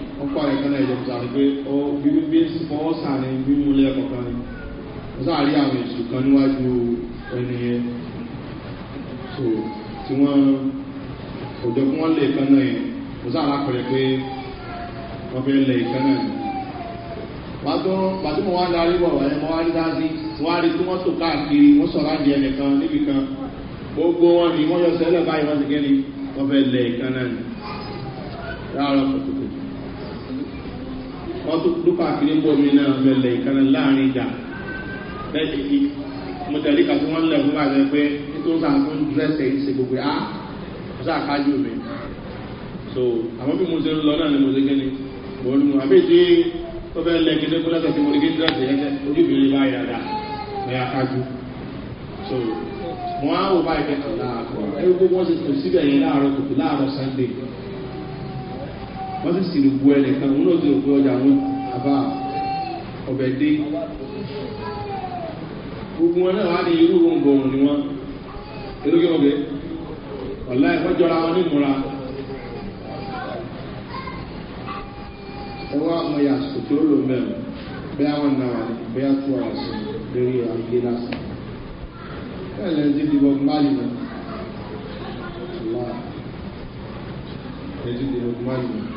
wọ́n kọ́ àrẹ kan náà ìjọba sáré pé ó bíbí bí fọwọ́ sàní mímú lẹ́ẹ̀kọ̀ kan ni wọ́n sáré àwọn èsù kan níwájú ẹni yẹn so tí wọ́n òjò kí wọ́n lè kan náà yẹn wọ́n sáré àpẹẹrẹ pé wọ́n fẹ́ lẹ̀ kan náà ni pàtó mo wá darí bọ̀ wáyé mo wá rí dájú wọ́n á rí ni wọ́n yọ sẹ́lẹ̀ báyìí wọ́n tó dún káàkiri bọ̀ mí náà mẹ́lẹ̀ ìkànnì láàrin ìjà lẹ́yìn kí mo tẹ̀lé kàtó wọn lẹ̀ fún báyìí pé nítorí sáà fún dírẹ́sẹ̀ yìí ṣe gbogbo ah ọ̀sá àkájú mi so àwọn bí mo ṣe ń lọ náà ni mo ṣe gẹ́ni mo ní mo àbí tí tó fẹ́ lẹ́ gẹ́gẹ́ fúnlẹ̀ tẹ̀sí wọ́n sì sìrì bu ẹnì kan òun náà sì rò pé ọjà wọn àbá ọbẹ̀ dé
gbogbo
wọn náà wá ní irú gbọ̀ngàn ni wọn irú kí wọn bẹ ọ̀la ẹ̀kọ́ jọra wọn ní ìmúra ẹwọ́ àwọn ẹ̀yà sòtò ló mẹ́rin bẹ́ẹ̀ àwọn náà wà ní bẹ́ẹ̀ tó wà sí lórí ayé lásán bẹ́ẹ̀ lẹ́yìn tí ìdìbò mbálì náà ṣùgbọ́n ìdìbò mbálì náà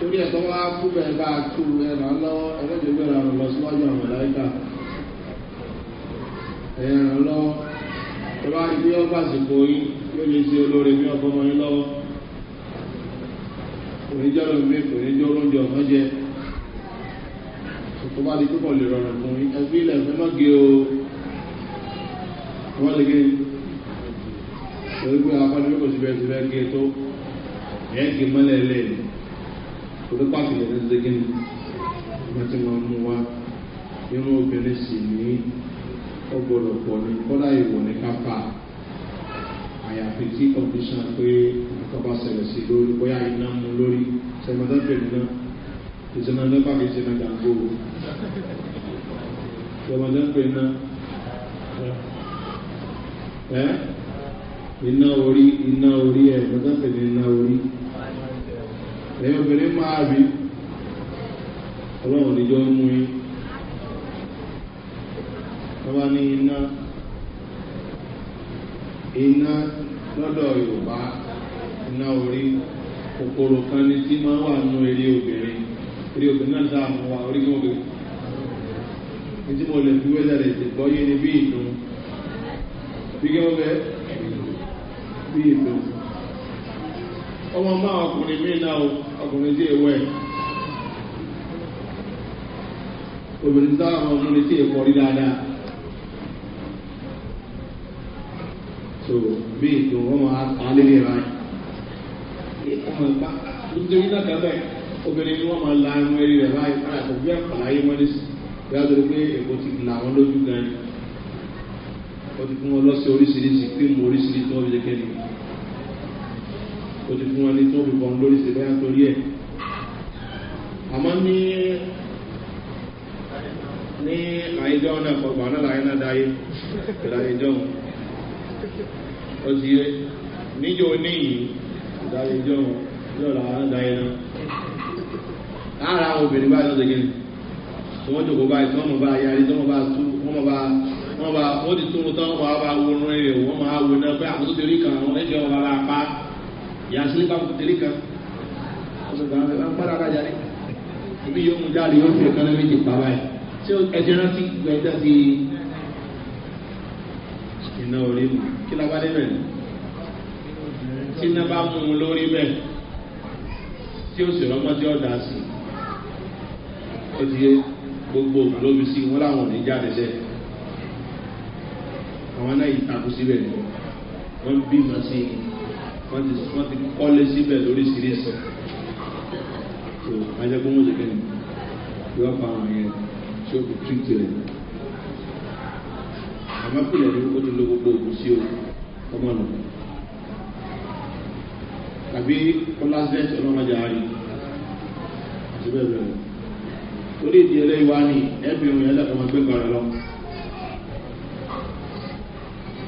torí ẹ̀ tó wá kú bẹ́ẹ̀ bá a tú ẹ̀rọ lọ́wọ́ ẹlẹ́dẹ̀ẹ́gbẹ́ ra lọ síwájú àwọn ọ̀láìkà ẹ̀rọ lọ́wọ́ tó bá ibi ọgbà àsìkò yín yóò lè ṣe olóore bí ọkọ wọn lọ́wọ́ kò ní jẹ́ lómi kò ní jẹ́ olóúnjẹ ọ̀kan jẹ tó bá di púpọ̀ lè rọrùn fún yín ẹbí ilẹ̀ fẹ́ má gé o wọ́n lè gé torí pé akọ́ni bí kò sí bẹ́ẹ̀ sí bẹ́ẹ̀ gé tó ẹ̀ẹ́gì mọ́lẹ̀ lẹ́yìn torí pàtó yẹn ń segin wọn ti máa mú wa irun obìnrin sì ní ọgbọdọ pọ ní kọdà ìwọ ní kápá àyàfi tí kọndíṣàn pé àkọ́bá ṣẹlẹ̀ sí lórí bóyá iná mú lórí sẹmọdọ́bìnrin náà ìsinmi lọ́pàá kìí sinmi gàgbó sẹmọdọ́bìnrin náà ẹ iná orí iná orí ẹ sẹmọdọ́bìnrin iná orí lẹ́yìn obìnrin máa rí ọlọ́run níjọ́ mú yín wọ́n bá ní iná iná lọ́dọ̀ yorùbá iná orí kòkòrò kan ní tí máa wà nú eré obìnrin eré obìnrin náà dáa mọ́ wa orí kí wọ́n bẹ̀rẹ̀ ní tí mo lè fi wẹ́lẹ̀ rẹ̀ ti gbọ́ yé ni bí ìdùn bí kí wọ́n bẹ̀ bí ìdùn ọmọ máa ọkùnrin mí náà ọkùnrin tí èwọ́ ẹ̀ obìnrin tó àwọn ọkùnrin tí èkọ́ rí dáadáa so bí ètò
ọmọ alẹ́lẹ́ rà
yìí ọmọ ìgbà nítorí náà kábẹ́ obìnrin ni wọ́n máa la ẹnu eré rẹ̀ báyìí padà kò bí àpàlà yé mọ́ nísì bí a torí pé èkó ti là wọ́n lójú gan-an ó ti fún wọn lọ́sẹ̀ oríṣiríṣi fíìmù oríṣiríṣi tó ń jẹ́ kẹ́ni ó ti fún ẹni tó fi bọ́n lórí ṣe bẹ́ẹ̀ torí ẹ̀ àmọ́ ní ní àìjọ náà kọgbà náà láyé náà dáyé ìdáyéjọ́ ó ti yé níjó níyì ìdáyéjọ́ lọ́la dáyé náà ara àwọn obìnrin báyìí ló ṣe kí ni tí wọ́n jòkó báyìí tí wọ́n mọ̀ bá yarí tí wọ́n bá tú wọ́n bá wọ́n bá wọ́n ti tún un tán wọ́n bá wo orin rẹ̀ wọ́n máa wo náà pé àwọn tó ti rí kan àwọn ẹ̀jẹ̀ wọn bá bá pa á yàtúndì bá kò tẹ̀lé kan ó sọ gbàgbé bá pàdé ara jáde ibi yóò mú jáde yóò fi kan méjì pa báyìí ṣé ẹ̀jẹ̀ rántí gbẹ̀ ẹ̀jẹ̀ ti iná orí mu kí la bá dé bẹ̀ tí iná bá mú un lórí bẹ̀ tí ó sì rọ́mọ́ tí ó dà sí ti yé gbogbo òlóbi sí wọn làwọn ò ní jáde bẹ́ẹ̀ àwọn náà yìí takú síbẹ̀ wọ́n bímọ sí i wọ́n ti wọ́n ti kọ́lé síbẹ̀ lórí sírísì tó ajẹ́gbọ́n mọ́jẹ́ kẹ́ni yóò pa àwọn yẹn tí ó fi tírìtì rẹ̀ àmọ́pìlẹ̀ ní ó ti lo gbogbo ògùn sí ọmọ nù tàbí kọ́lásẹ́tì ọlọ́mọdé àárí àti bẹ́ẹ̀ bẹ́ẹ̀ lórí ìdí ẹlẹ́yìí wá ní ẹ̀bí ohun ẹlẹ́kọ̀ọ́ máa gbé gbàrẹ̀ lọ́wọ́.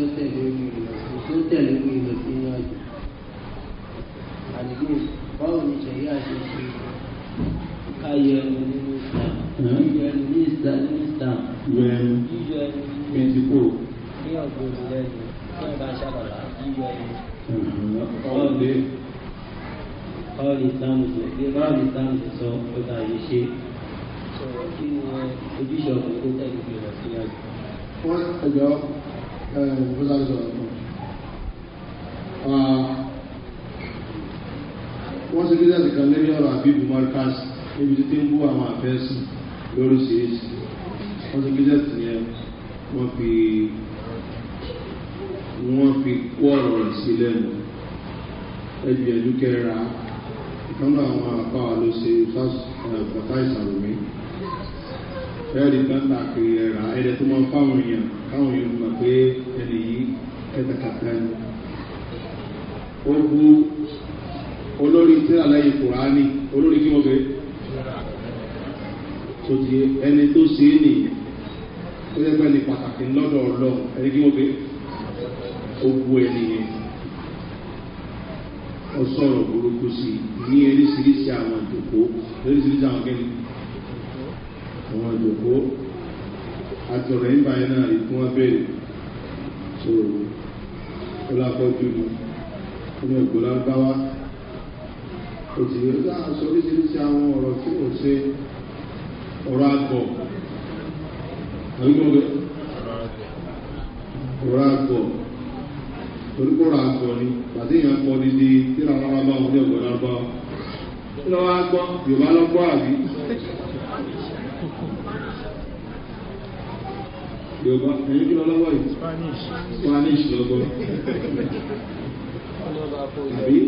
tó tẹ̀lé orí ìrìnàjò tó tẹ̀lé orí ìrìnàjò ní àjò àdìgbò báwo ni ṣẹ̀yí àti ṣe káyọ ẹnu nínú islam yíyọ ẹnu ní islam nínú islam yíyọ
ẹnu yíyọ ẹnu twenty four ní ọ̀gbọ́n ìlẹ́nu tí wọ́n bá ṣàbàbà yíyọ ẹnu. ọ̀gbẹ́ báwọn ìsìlámù sọ pé báwọn ìsìlámù ti sọ ó ta yìí ṣe sọ̀rọ̀ kí ni ojúṣe ọkùnrin tó tẹ̀lé ìgbìmọ̀ sí
àjò. wọ́n ṣàjọ bó sáré sọ̀rọ̀
fún wọ́n ti bídẹ̀ sí kan lórí ọ̀rọ̀ àbíbù marcus níbi tí ń bú àwọn àfẹ́sì lórí sírísì wọ́n ti bídẹ̀ sí yẹn wọ́n fi wọ́n fi kó ọ̀rọ̀ fẹ́ẹ̀rí tọ́ta kiri ẹ̀rà ẹ̀rẹ́ tó máa fáwọn èèyàn káwọn èèyàn mọ̀ pé ẹni yìí kẹtàkàtà ni ó bú olórí tíra lẹ́yìn kùránì olórí kí wọ́n fẹ́ tó ti ẹni tó ṣe é nì tó jẹ́ pé ẹni pàtàkì lọ́dọ̀ ọlọ́ ẹni kí wọ́n fẹ́ ó bú ẹni yẹn ó sọ̀rọ̀ burúkú sí i ní eríṣiríṣi àwọn ìjòkó eríṣiríṣi àwọn kẹ́ni àwọn ìjòkó àti ọ̀rẹ́ ìgbà yẹn náà ìkún so ó lápọ̀ dúdú nínú ẹ̀gbọ́n lágbáwá ó ti yẹ ká sọ oríṣiríṣi àwọn ọ̀rọ̀ tí kò ṣe ọ̀rọ̀ àgọ̀ àgbọ̀gbẹ́ ọ̀rọ̀ àgọ̀ orúkọ ọ̀rọ̀ ni pàtí èèyàn pọ̀ nídìí tí làwọn arábáwọn ní ẹ̀gbọ́n lágbáwá tí lọ́wọ́ á gbọ́ yorùbá lọ́gbọ́ àbí. Yorùbá ẹ̀yìn kí lọ́lọ́wọ́ yìí. Spanish. Spanish lọ́gbọ́.
Àbí?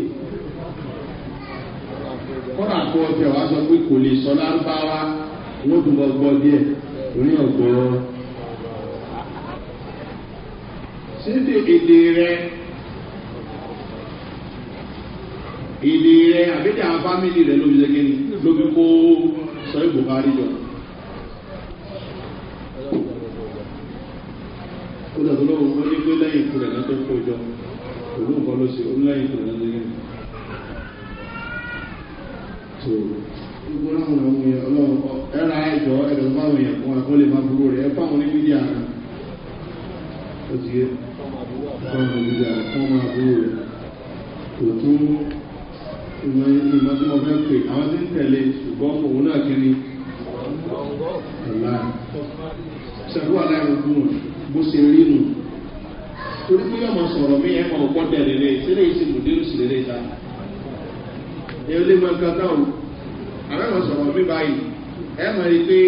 Kọ́nà àpò ọ̀tẹ̀ wa sọ
pé kò lè sọ lárúbáwá wọ́n tún bọ gbọ́ díẹ̀ orí ọ̀gbọ́. Síbi èdè rẹ èdè rẹ àbídà fámìlì rẹ ló fi ṣe kí ni ló fi kó sọ jọ. ó dàbí lọ́wọ́ wọn ní pé lẹ́yìn ìkúrẹ̀ náà tó kó jọ òun nǹkan ló ṣe ó ní lẹ́yìn ìkúrẹ̀ náà tó yẹn. tó gbogbo láwọn ọmọ yẹn ọlọ́run ẹ̀rọ ẹ̀jọ̀ ẹ̀rọ báwọn yẹn fún ẹ̀kọ́ lè má burú rẹ̀ ẹ̀ fáwọn oníbí díà rẹ̀ ó ti yé fáwọn oníbí díà rẹ̀ fáwọn máa burú rẹ̀ kò tún bó ṣe rí nù torí pé yọmọ sọ̀rọ̀ mí ẹ̀mọ̀ ọ̀pọ̀ tẹ̀lé lé sílẹ̀ ìsìn mùdírù sílẹ̀ lé ta èyí lè máa kankan o àbẹ̀mọ̀ sọ̀rọ̀ mí báyìí ẹ̀ mọ̀ rí pé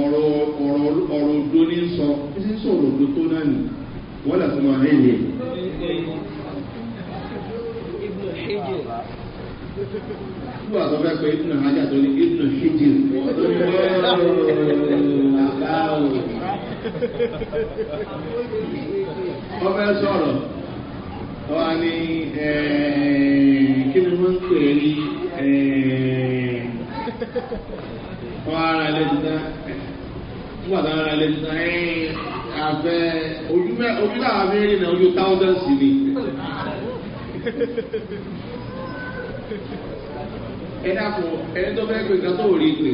ọ̀rọ̀ ọ̀rọ̀ ọ̀rọ̀ òdo ní sọ bí sí sọ̀rọ̀ òdo tó náà nì wọ́n là tó máa hẹ́yẹ.
Nígbà tó pé Ibùnà Hajj
àtọ́ ní Ibùnà Hijil. Àbáwò
wọ́n fẹ́ sọ̀rọ̀
wọ́n ní eh, kí ni wọ́n ń pè é ní eh, wọ́n ara ilé dídá nígbà tí wọ́n ara ilé dídá abẹ́ eh, ojú náà fi rí náà ojú thousands ni
ẹ dàpọ̀ ẹni tó fẹ́ pè ká tó rí
pè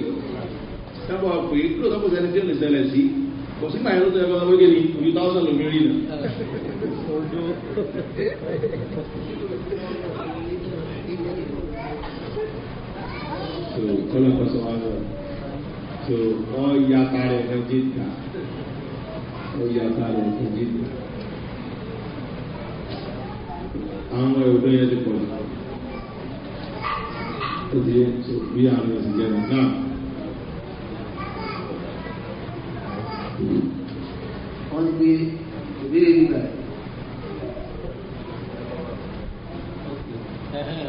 dábọ̀ pé kí ló dábọ̀ sẹ́ni tí ó lè ṣẹlẹ̀ sí kò sí gbàyẹn tó ẹgbẹ́ ọmọdé ní orí táwọn lómi so kọ́lá kan so ọ ya parẹ ẹ jẹ ta ọ ya parẹ ẹ jẹ ta àwọn ẹ̀rọ tó yẹ ti pọ̀ jù
ó wọ́n ní pé ìbéèrè nígbà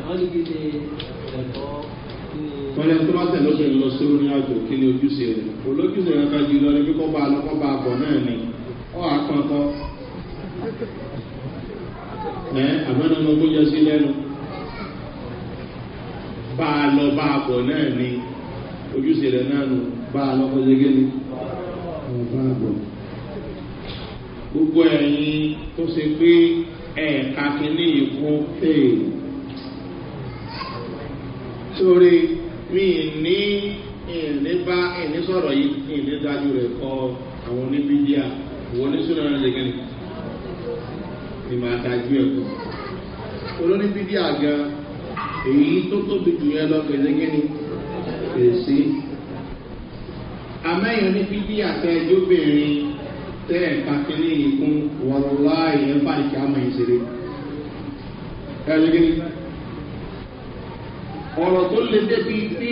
wọ́n
lẹ́nu tó bá tẹ̀lé obìnrin lọ sí orin àjò kí ojúṣe rẹ̀ olójúṣe rẹ̀ ká jù lọ ní kíkọ́ bá lọ kọ́ bá bọ̀ náà ni ọ́ àkànkọ́ ẹ̀ àmọ́nà ọmọ bá lọ bá náà ni ojúṣe náà nù bá gbogbo ẹ̀yin tó ṣe pé ẹ̀ka kìíní ìkó fèè sórí mi ní ìní bá ìní sọ̀rọ̀ yìí ìní dájú rẹ̀ kọ àwọn oníbídíà àwọn oníṣúná rẹ̀ lẹ́gẹ̀ẹ́ni ni màá dájú ẹ̀ kọ́ olóníbídíà gan èyí tó tóbi jù yẹn lọ pé lẹ́gẹ̀ẹ́ni kèsì amẹ́yìn oníbídíà tẹ́ ẹjọ́ bìnrin tẹ́ ẹ̀ka kíní ìkún wàlúwà ìyẹn bá ìkà àmọ̀ ìṣeré. ẹ̀lẹ́gẹ́ni ọ̀rọ̀
tó lè débi tí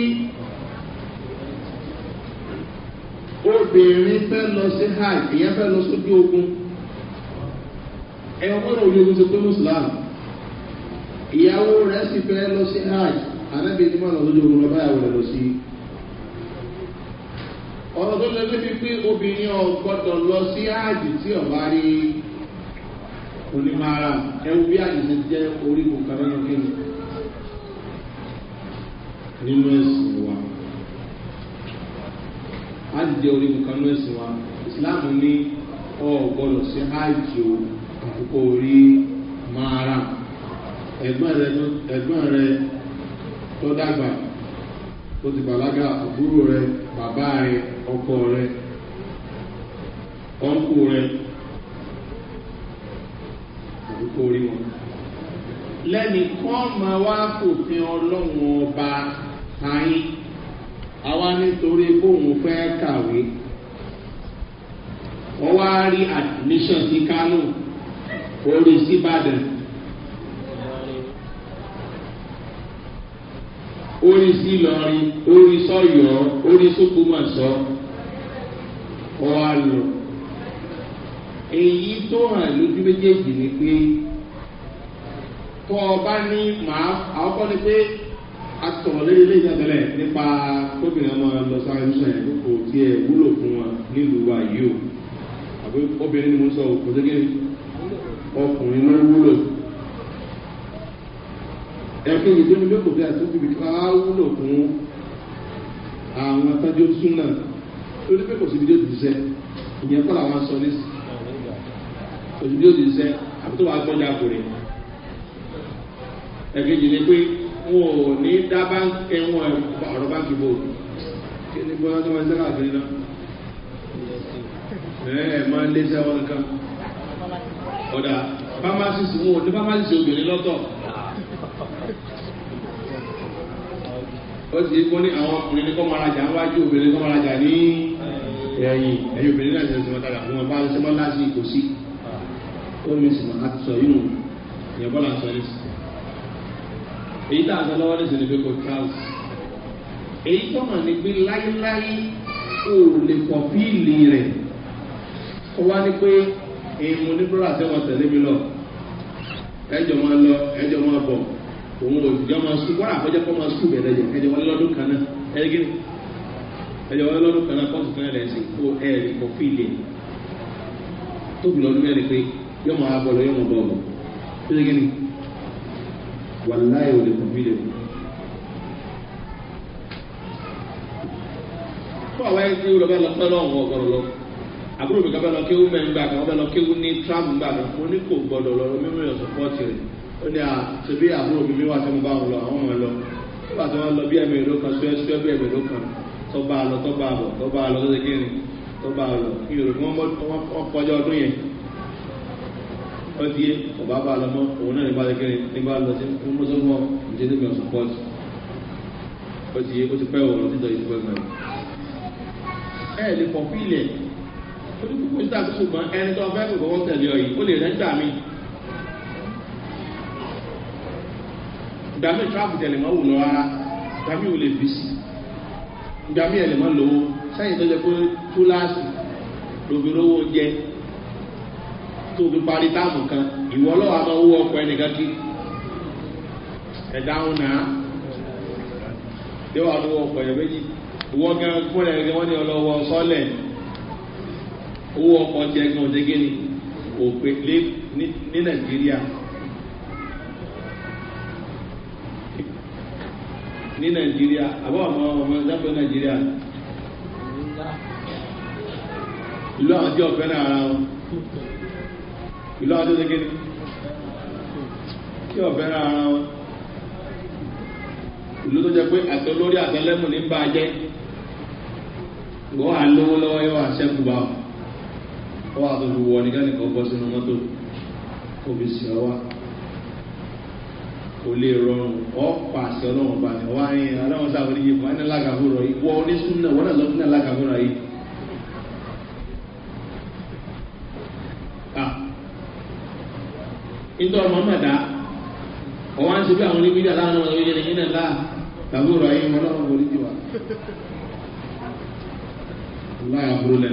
obìnrin fẹ́ lọ sí hajj
ìyẹn fẹ́ lọ sójú ogun ẹ̀yọ́ mọ́rọ̀ òye ogun ti pé mùsùlùmí
ìyàwó rẹ̀ sì fẹ́ lọ sí hajj
ànábìyẹn ti máa lọ sójú ogun lọ báyàwó rẹ̀ lọ sí hajj.
ọ̀rọ̀ tó lẹ́gbẹ́ ti pé obìnrin ọ̀gbọ́dọ̀
lọ sí ààjì tí ọ̀bá rí onímọ̀ara ẹ̀wù ti jẹ́ nínú ẹ̀sìn wa ààjì jẹ́ orígun kanáà ẹ̀sìn wa ìsìláàmù ní ọ̀gbọ́dọ̀ sí ààjì o àkókò orí mọ̀ara ẹ̀gbọ́n rẹ tó tó ti bàlágà àbúrò rẹ bàbá rẹ ọkọ rẹ ọ̀nkù rẹ àdúgbò orí wọn. lẹ́ni kán máa wá fòfin ọlọ́run ọba ayín àwa nítorí bóun fẹ́ kàwé wọ́n wá rí admission sí kánò orí síbàdàn. orí sí lọrin orí sọyọ orí sókòmọsọ ọwọ lọ èyí tó hàn lójú méjèèjì ni pé tó o bá ní màá àkọ́kọ́ ni pé atọ̀rọ̀ lórí ilé ìjàdẹ̀lẹ̀ nípa kóbìnrin ọmọ lọ sáré nísàn yẹn kókò tí ẹ wúlò fún wa nílùú wa yìí o àbí obìnrin ni mo sọ òkú tó gé ọkùnrin ló wúlò fún ẹ̀kẹ́ ìdónilẹ́kọ̀ọ́ bí àti òbí ká wúlò fún àwọn atájọ́ súnà lórí pé kò sí fídíò dìíṣẹ́ ìyẹn kọ́ làwọn sọ ní kò sí fídíò dìíṣẹ́ àbí tó wàá gbọ́jà kò rè ẹ̀kẹ́ yìí ni pé wọn ò ní dá báńkì wọn ọ̀rọ̀ báńkì bò kí ni bọ́lá tó máa ń sẹ́kà àfihàn náà ẹ̀ẹ́ máa ń lé sẹ́wọ̀n kan ọ̀dà fámásìsì wọn ò ní fámásìsì obìnrin lọ́tọ̀ ó sì kó ní àwọn ọkùnrin ní kọ́ mara jà níwájú obìnrin kọ́ mara jà ní ẹ̀yìn ẹ̀yìn obìnrin náà ṣẹ̀ṣẹ̀ mọ́tàlá fún wọn bá ń sẹ́mọ́ láti kò sí ó ní sì máa sọ yìí ìyẹn bọ́lá sọ ní sí èyí tá a sọ lọ́wọ́ ní sinipé kò trouse èyí tó hàn ní pé
láíláí
kò lè kọ̀ fíìlì rẹ̀ ó wá ní pé èèmù ní bọ́lá sẹ́wọ̀n tẹ̀lé mi lọ ẹjọ́ máa lọ ẹjọ́ máa bọ̀ òun lò jọ máa sùn wọ́n àkọ́jọ́ kọ́ máa sùn bẹ̀rẹ̀ mgbe ẹjọ́ wọlé lọ́dún kan náà ẹ̀ẹ́gẹ́ ẹjọ́ wọlé lọ́dún kan náà kọ́ọ̀tù kó kọ́ tóbi lọ́dún mẹ́rin pé yọ máa bọ̀ lọ yọ máa bọ̀ lọ ẹ̀ẹ́gẹ́ ni wàláyé ò kọ́ fún ẹni tí lọ pẹ́ lọ́wọ́ ọ̀gọ́rọ̀ lọ àbúrò mi lọ kéwú mẹ́rin gbà ó ní àtúbí àbúrò mi mi wà tí mo bá wọn lọ àwọn ọmọ lọ nígbà tí wọn lọ bí ẹmẹ ìlú kan sọ ẹbí ẹmẹ ìlú kan tó bá a lọ tó bá a bọ tó bá a lọ tó ṣe kí ni tó bá a lọ mi ò wọn kọjá ọdún yẹn wọn ti ọba bá a lọ mọ òun náà nígbà tó kí ni nígbà lọ sí mọ́sọ́mọ́ ìdílé mi ọ̀sán pọ́ọ̀tù ó ti yé ó ti pẹ́ òun títọ́ yìí pẹ́ mẹ́rin. ẹ lè pọ̀ fílẹ̀ ìgbà mi tíráàbù tẹ̀lé mọ́ wù lọ rárá ìgbà mi ò lè fi sí ìgbà mi ẹ̀lẹ̀ mọ́ lówó sẹ́yìn tó jẹ́ pé túláàsì lóbi lówó jẹ tó fi parí táàmù kan ìwọ ọlọ́wà máa wó ọkọ̀ ẹnìkan kí ẹ̀dáhùn náà yóò wà lówó ọkọ̀ ẹ̀ méjì ìwọ gan fún ẹ̀ gẹ́gẹ́ wọ́n ní ọlọ́wọ́ sọ́lẹ̀ owó ọkọ̀ jẹ́ gan òdegé òpè ní nàìjíríà ní nàìjíríà àbọ̀ àwọn ọmọ sápẹ́ nàìjíríà ìlú àwọn tí ọ̀fẹ́ náà ara wọn ìlú àwọn tó ṣe kéde tí ọ̀fẹ́ náà ara wọn ìlú tó jẹ pé àtẹ olórí àtẹ ní bá a jẹ́ wọ́n á lówó lọ́wọ́ yóò wá sẹ́kù bá wọn wọ́n á tó fi wọ nìkan nìkan sínú mọ́tò kó fi sìn ọ́ wá kò lè rọrùn ọ̀pá àṣẹ ọlọ́run bá ní wá ẹ̀yìn aláwọ̀ sáà wọlé yìí wọ́n ní lágàfóró yìí wọ́n ní súnà wọ́n náà lọ́sùn náà lágàfóró yìí. nítorí ah. ọmọ náà dá ọwọ́ á ń ṣe bí àwọn oníbíjà láwọn ọmọ ìyẹn nìyẹn náà láà tàbúrò wọn náà wọlé jù wá. láyà lẹ́nu láyà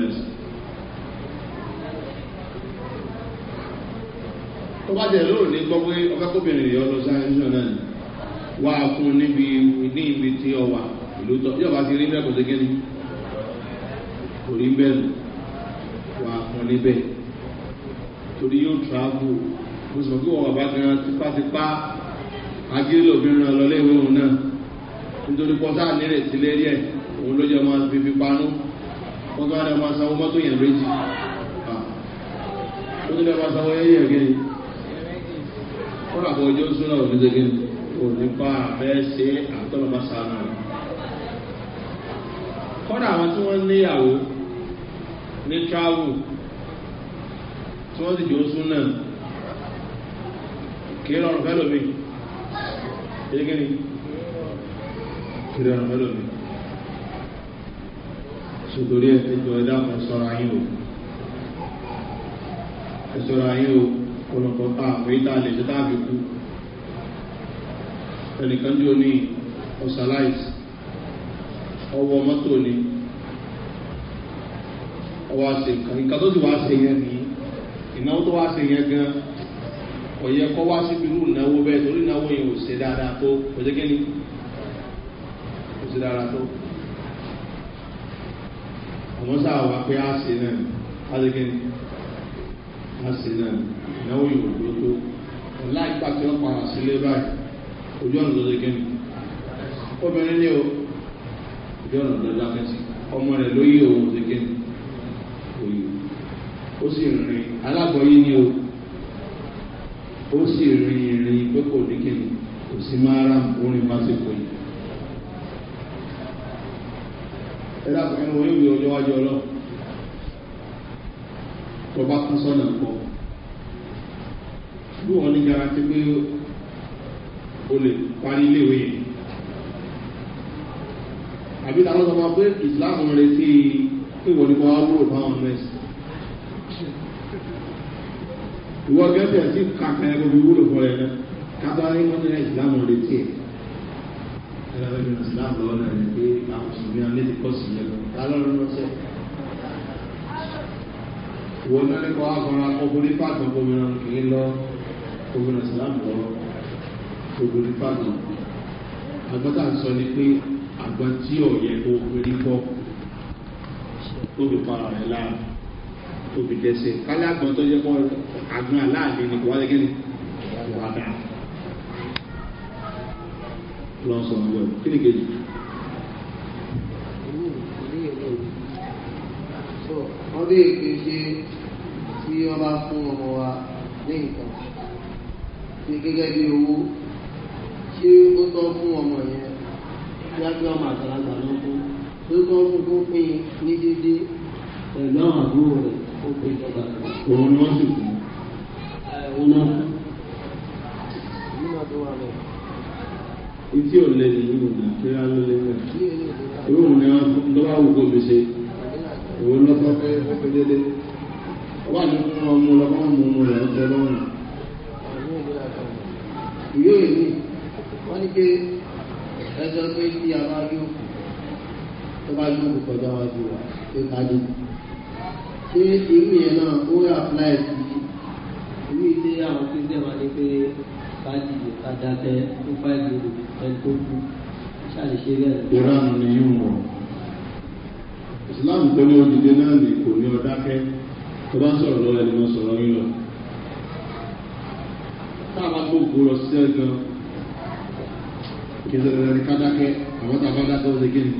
lẹ́nu. tó bá tẹ̀ lóòrùn ní gbọ́ pé ọbẹ̀ kóbìnrin rẹ̀ ọlọ sáyẹ́nsì náà ni wà á fún níbi ní ibi tí ọ wà ìlú tọ́ yọ̀bá ti rí bẹ́ẹ̀ kò sí kíni kò rí bẹ́ẹ̀ nù wà á fún níbẹ̀ torí yóò tíráàbù mo sọ pé wọn bàbá gan tipátipá agírí lòbìnrin náà lọ léwé òun náà nítorí pọ́sá nírètí lérí ẹ̀ òun ló jẹ́ ọmọ fífi panú wọ́n tó wá ní ọmọ sanwó mọ́tò yẹn méjì ó tó ní ọmọ sanwó yẹn kọ́nà àwọn ọjọ́ súnà ò ní ṣẹ́gi ò ní pa abẹ́ ṣe àtọ́nàmọ́ sáánà rẹ̀ kọ́nà àwọn tí wọ́n níyàwó ní travel tí wọ́n sì jọ súnà kí lọ́rùn fẹ́ lómi ṣẹ́gi ni kí lọ́rùn fẹ́ lómi ṣùgbọ́n ẹ̀ ẹ̀jọ̀ ẹ̀dá kan sọ̀rọ̀ ayé o ẹ̀sọ̀rọ̀ ayé o ọ̀pọ̀lọpọ̀ tá àmì tá lè ṣe táàbí kú ẹnìkan jò ní ọ̀sàláìsì ọwọ́ mọ́tò ni ọwọ́ àṣẹ nǹkan nǹkan tó sì wá ṣe yẹn ní ìnáwó tó wá ṣe yẹn gan ọ̀yẹ kọ́ wá sí irú ìnáwó bẹ́ẹ̀ torí ìnáwó yẹn ò ṣe ni kò ṣe pé á ṣe náà á ṣe kí wọ́n sì náà ìnáwó yòókù tó láìpá tí wọ́n para sílé báyìí ojú ọ̀nà tó dégé ni obìnrin ní o ojú ọ̀nà tó dákẹ́sì ọmọ rẹ̀ ló yí òun dégé ni òyìn ó sì rìn alábọ̀yé ní o ó sì rìn ìrìn pé kò dégé ni kò sí máa rà orin máa ti pè é ẹ dákun ẹnu oníwèé ọjọ́ wájú ọlọ́run tọba tún sọ́nà pọ̀ bí wọ́n ní garanti pé o lè parí iléèwé yẹn àbí táwọn sọ pé islam ń retí pé wọ́n ní kọ́ wúlò fáwọn mẹ́sì ìwọ gẹ́gẹ́ tí kàkà ẹ̀ kò fi wúlò fún ẹ̀ náà ní wọ́n ní islam ń retí ẹ̀ ẹ̀rọ ìrìn islam lọ́wọ́ náà ní pé àwọn mùsùlùmí alẹ́ ti kọ́ sí ilé lọ wọ́n náà nípa afọ́ra obìnrin pàtàkì gómìnà kìí lọ gómìnà islam lọ obìnrin pàtàkì agbátà sọ ni pé àgbà tí ò yẹ kó obìnrin bọ́ tóbi para rẹ̀ lára tóbi dẹ́sẹ̀ kálí àgbọn tó yẹ kó àgbọn ni kò wá lẹ́gẹ́ni kò wá dáa lọ́sọ̀ ọ̀gbẹ́ kí ni kejì.
ọdún wọ́n bá fún ọmọ wa ní nǹkan ní gẹ́gẹ́ bí owó ṣé ó tọ́ fún ọmọ yẹn kí á gbé ọmọ àgbàlagbà lọ fún tó tọ́ fún kó pín ní dídí pẹ̀lú àwọn àbúrò rẹ̀ ó pè jọba òun ni wọ́n sì kú òun náà fún.
Ìtí ò lè nìyí wò ní kí á ló lé mẹ́. Ìwé òun ni wọ́n fún lọ́wọ́ àwòkọ́ mi ṣe.
Ìwé lọ́tọ́ fẹ́ fẹ́ dédé wà ní fún ọmọ lọ́wọ́ mú un rẹ̀ ọjọ́ lọ́rùn. ìwé ìlú wọ́n ní pé ẹjọ́ pé kí a bá yóò kù tó bá yóò kù kọjá wájú wa pé ká dé. ṣé irú yẹn náà ó yà fúláì sí irú ilé àwọn tó dẹ̀ wá ní pé ká dìde ká dákẹ́ tó fáìlì ẹni tó kú ṣáà ṣe bẹ́ẹ̀. ìran ni yóò mọ̀ ìsìláàmù
tó ní odidi náà ni kò ní ọdákẹ́ tó bá sọ̀rọ̀ lọ́wọ́ ẹni wọ́n sọ̀rọ̀ yín lọ. tá a bá gbogbo rọ sí ẹ̀gbọ́n kí ẹsẹ̀ rẹ̀ ní kádákẹ́ àwọn tá a bá dákẹ́ ọ̀sẹ̀ gẹ́ni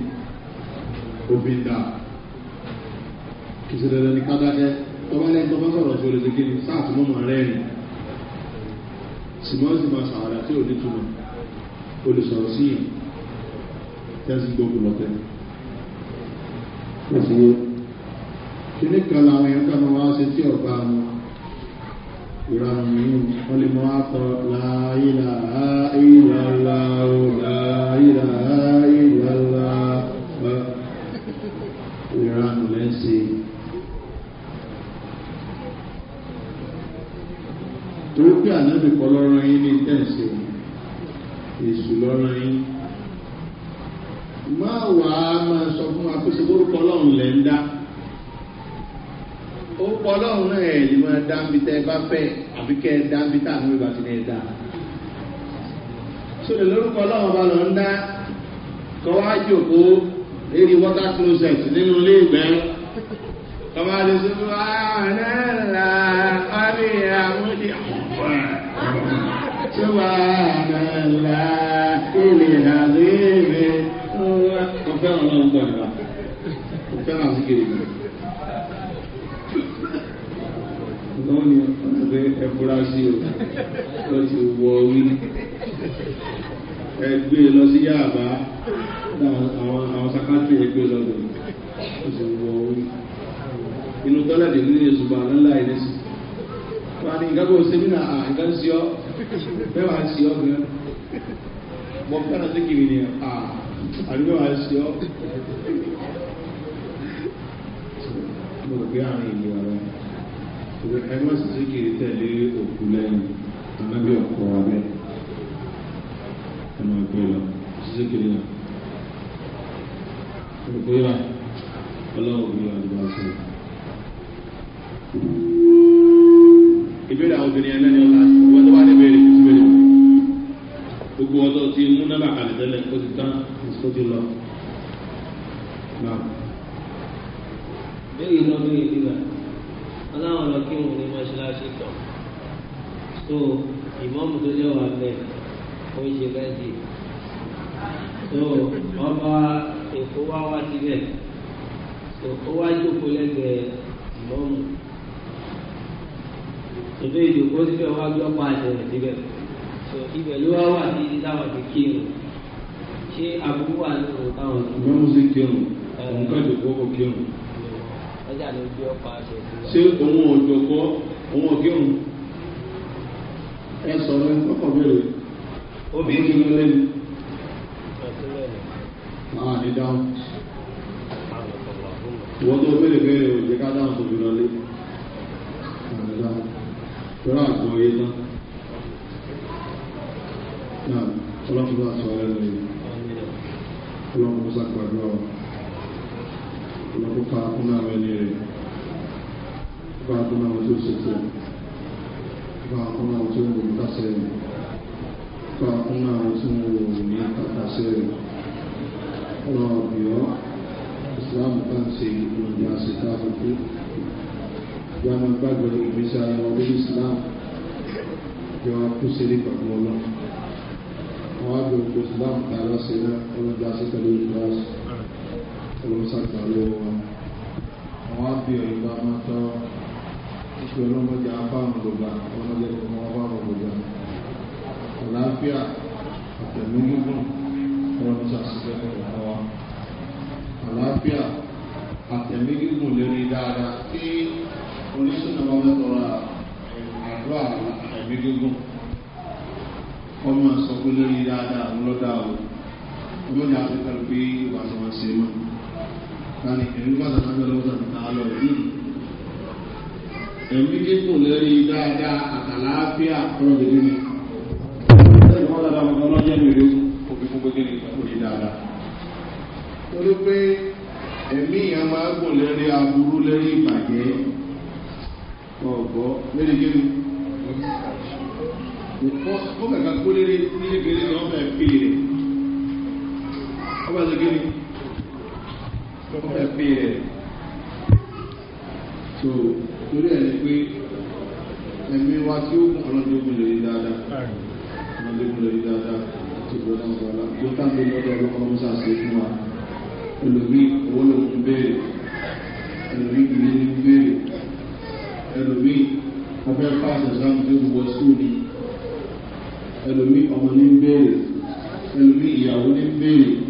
obì ń dà kí ẹsẹ̀ rẹ̀ ní kádákẹ́ tó bá lẹ́yìn tó bá sọ̀rọ̀ sí ọ̀sẹ̀ gẹ́ni sáà tó mọ̀ rẹ̀ ni ṣùgbọ́n sì máa sàwádà tí ò ní túmọ̀ olùsọ̀rọ̀ sí yẹn tẹ́sí gbogbo lọ́tẹ́. Thank you kíní kan làwọn èèyàn kan máa wá ṣe tí ọ̀gá mu ìranù yìí wọ́n lè máa sọ láàyílà áìlàlá o láàyílà áìlàlá ìranù lẹ́sẹ̀. torí pé ànábì kọ́ lọ́rọ̀ yín ní tẹ̀sí èṣù lọ́rọ̀ yín máa wàá máa sọ fún wa pé ọlọ́run lẹ́ dá ń bi tẹ́ ẹ bá fẹ́ àbí kẹ́ ẹ dá ń bi tá àná ìbá ti ní ẹ dá. sóde lórúkọ ọlọ́run bá lọ ń dá kọ́ wá jòkó lérí water closet nínú ilé ìgbẹ́ kọ́má lè sọ fún wa náà là á àmúdi àwọn tí wà náà là ilé àlè mi. ọ̀fẹ́ ọlọ́run gbọ́dọ̀ ọ̀fẹ́ àwọn sì kéré gbọ́dọ̀. kan ní pé ẹfúra sí o lọ ti wọ orí ẹgbẹ́ e lọ sí yàbá àwọn sakátì ẹgbẹ́ lọ́dọ̀ lọ ti wọ orí inú tọ́lá dè ní ìṣùgbọ́n àlọ́lá ìrẹsì wọ́n á ní nǹkan kó sẹ́mínà àǹkan sí ọ́ mẹ́wàá ni ẹ má sì sí kiri tẹ̀lé òkú lẹ́yìn anábì ọ̀pọ̀ abẹ́ ẹ máa gbé lọ sísé kiri náà olùkọ́ yà ọlọ́wọ́ bí ọdún bá sọ. ìbéèrè àwọn obìnrin ẹlẹ́ni ọ̀la wọ́n tó wà ní ìbéèrè tó béèrè gbogbo ọjọ́ ti mú nọ́mbà kalẹ̀ tẹ́lẹ̀ ó ti tán ó ti lọ.
Bẹ́ẹ̀ni lọ́dún yìí nígbà aláwọn lọ kí wọn ní mọ́ṣáláṣí tọ̀ so ìmọ̀mù tó jẹ́ wà bẹ́ẹ̀ ó ṣe lẹ́dí
so ọba
èkó wá wá síbẹ̀ so ó wá jókòó lẹ́gbẹ̀ẹ́ ìmọ̀mù ìlú ìdòkó síbẹ̀ wá gbọ́ pa àtẹ̀rẹ̀ síbẹ̀ so ibẹ̀ ló wá wà sí táwọn fi kí ṣé àbúrò wà nínú táwọn. ìmọ̀mù sì
kírun òun kájọ kó kó kírun ṣé òun ọ̀jọ̀gbọ́ òun ọ̀gẹ́hùn ẹ sọ̀rọ̀ ẹ kọ́kọ́ bẹ̀rẹ̀ obìnrin kí ló lẹ́nu. máa ní dáhùn. ìwọ́n tó bèrè bèrè òjì ká dáhùn tó fi lọ lé. máa ní dáhùn. tó rà àgbọ̀ yé tán. ṣe tiẹ̀ gba fún àwọn tí wọ́n ń pàṣẹ rẹ̀ gba fún àwọn tí wọ́n ń pàṣẹ rẹ̀ wọn ọ̀bìọ́ islam kan ṣe ìgbìmọ̀ àṣetá fífi ìyáma gbàgbọ́ ìgbésí islam yọ kú sílé pàtó ọlọ́ àwọn islam tààrà sí náà ọlọ́dún àṣetá lórí kíláàsì ọlọ́sàgbà lọ́wọ́ àwọn àbíọ̀ ìgbà ìpè ọlọ́mọdé afárùn gbogbo ọlọ́mọdé gbogbo afárùn gbogbo àlàáfíà àtẹ̀mí gígùn ọlọ́mọdé àṣìṣẹ́ ọ̀rọ̀ wa àlàáfíà àtẹ̀mí gígùn lérí dáadáa tí oníṣúná wọn mẹ́tọ́ra àdúrà àtẹ̀mí gígùn ọmọ sọkú lérí dáadáa ńlọ́dà o ọmọdé àti kàlùbí ìwà tí wọ́n ṣe mọ́ ká ní ẹ̀rí bàtà sábẹ́ lọ́wọ́ tàbí tá a lọ yìí ẹ̀mí kíkùn lórí dáadáa àtàlàáfíà ọlọ́dẹ nínú. Ṣé ìwọ́n dáadáa mọ̀ ọ́nà jẹ́ mèrè òfin fún gbégé ní orí dáadáa?
Torí pé ẹ̀mí yẹn máa ń gùn
lórí aburú lórí ìbàjẹ́ ọ̀gbọ́ lórí gíní. Ó kàkà kó lórí nílé gíní ni wọ́n fẹ́ fi rẹ̀. Ó bá ṣe so torí ẹ̀ ni pé ẹ̀mí wa tí ó kún ọlọ́dẹ́gun lè rí dáadáa ọlọ́dẹ́gun lè rí dáadáa tó gbọ́dọ̀ àwọn ọ̀la tó tàbí lọ́dọ̀ ọlọ́kọ́ musa ṣe fún wa olùrí owó lòun béèrè ẹlòmí ìdílé ní béèrè ẹlòmí ọfẹ́ pàṣẹ sáà tó wọ sùn ni ẹlòmí ọmọ ní béèrè ẹlòmí ìyàwó ní béèrè.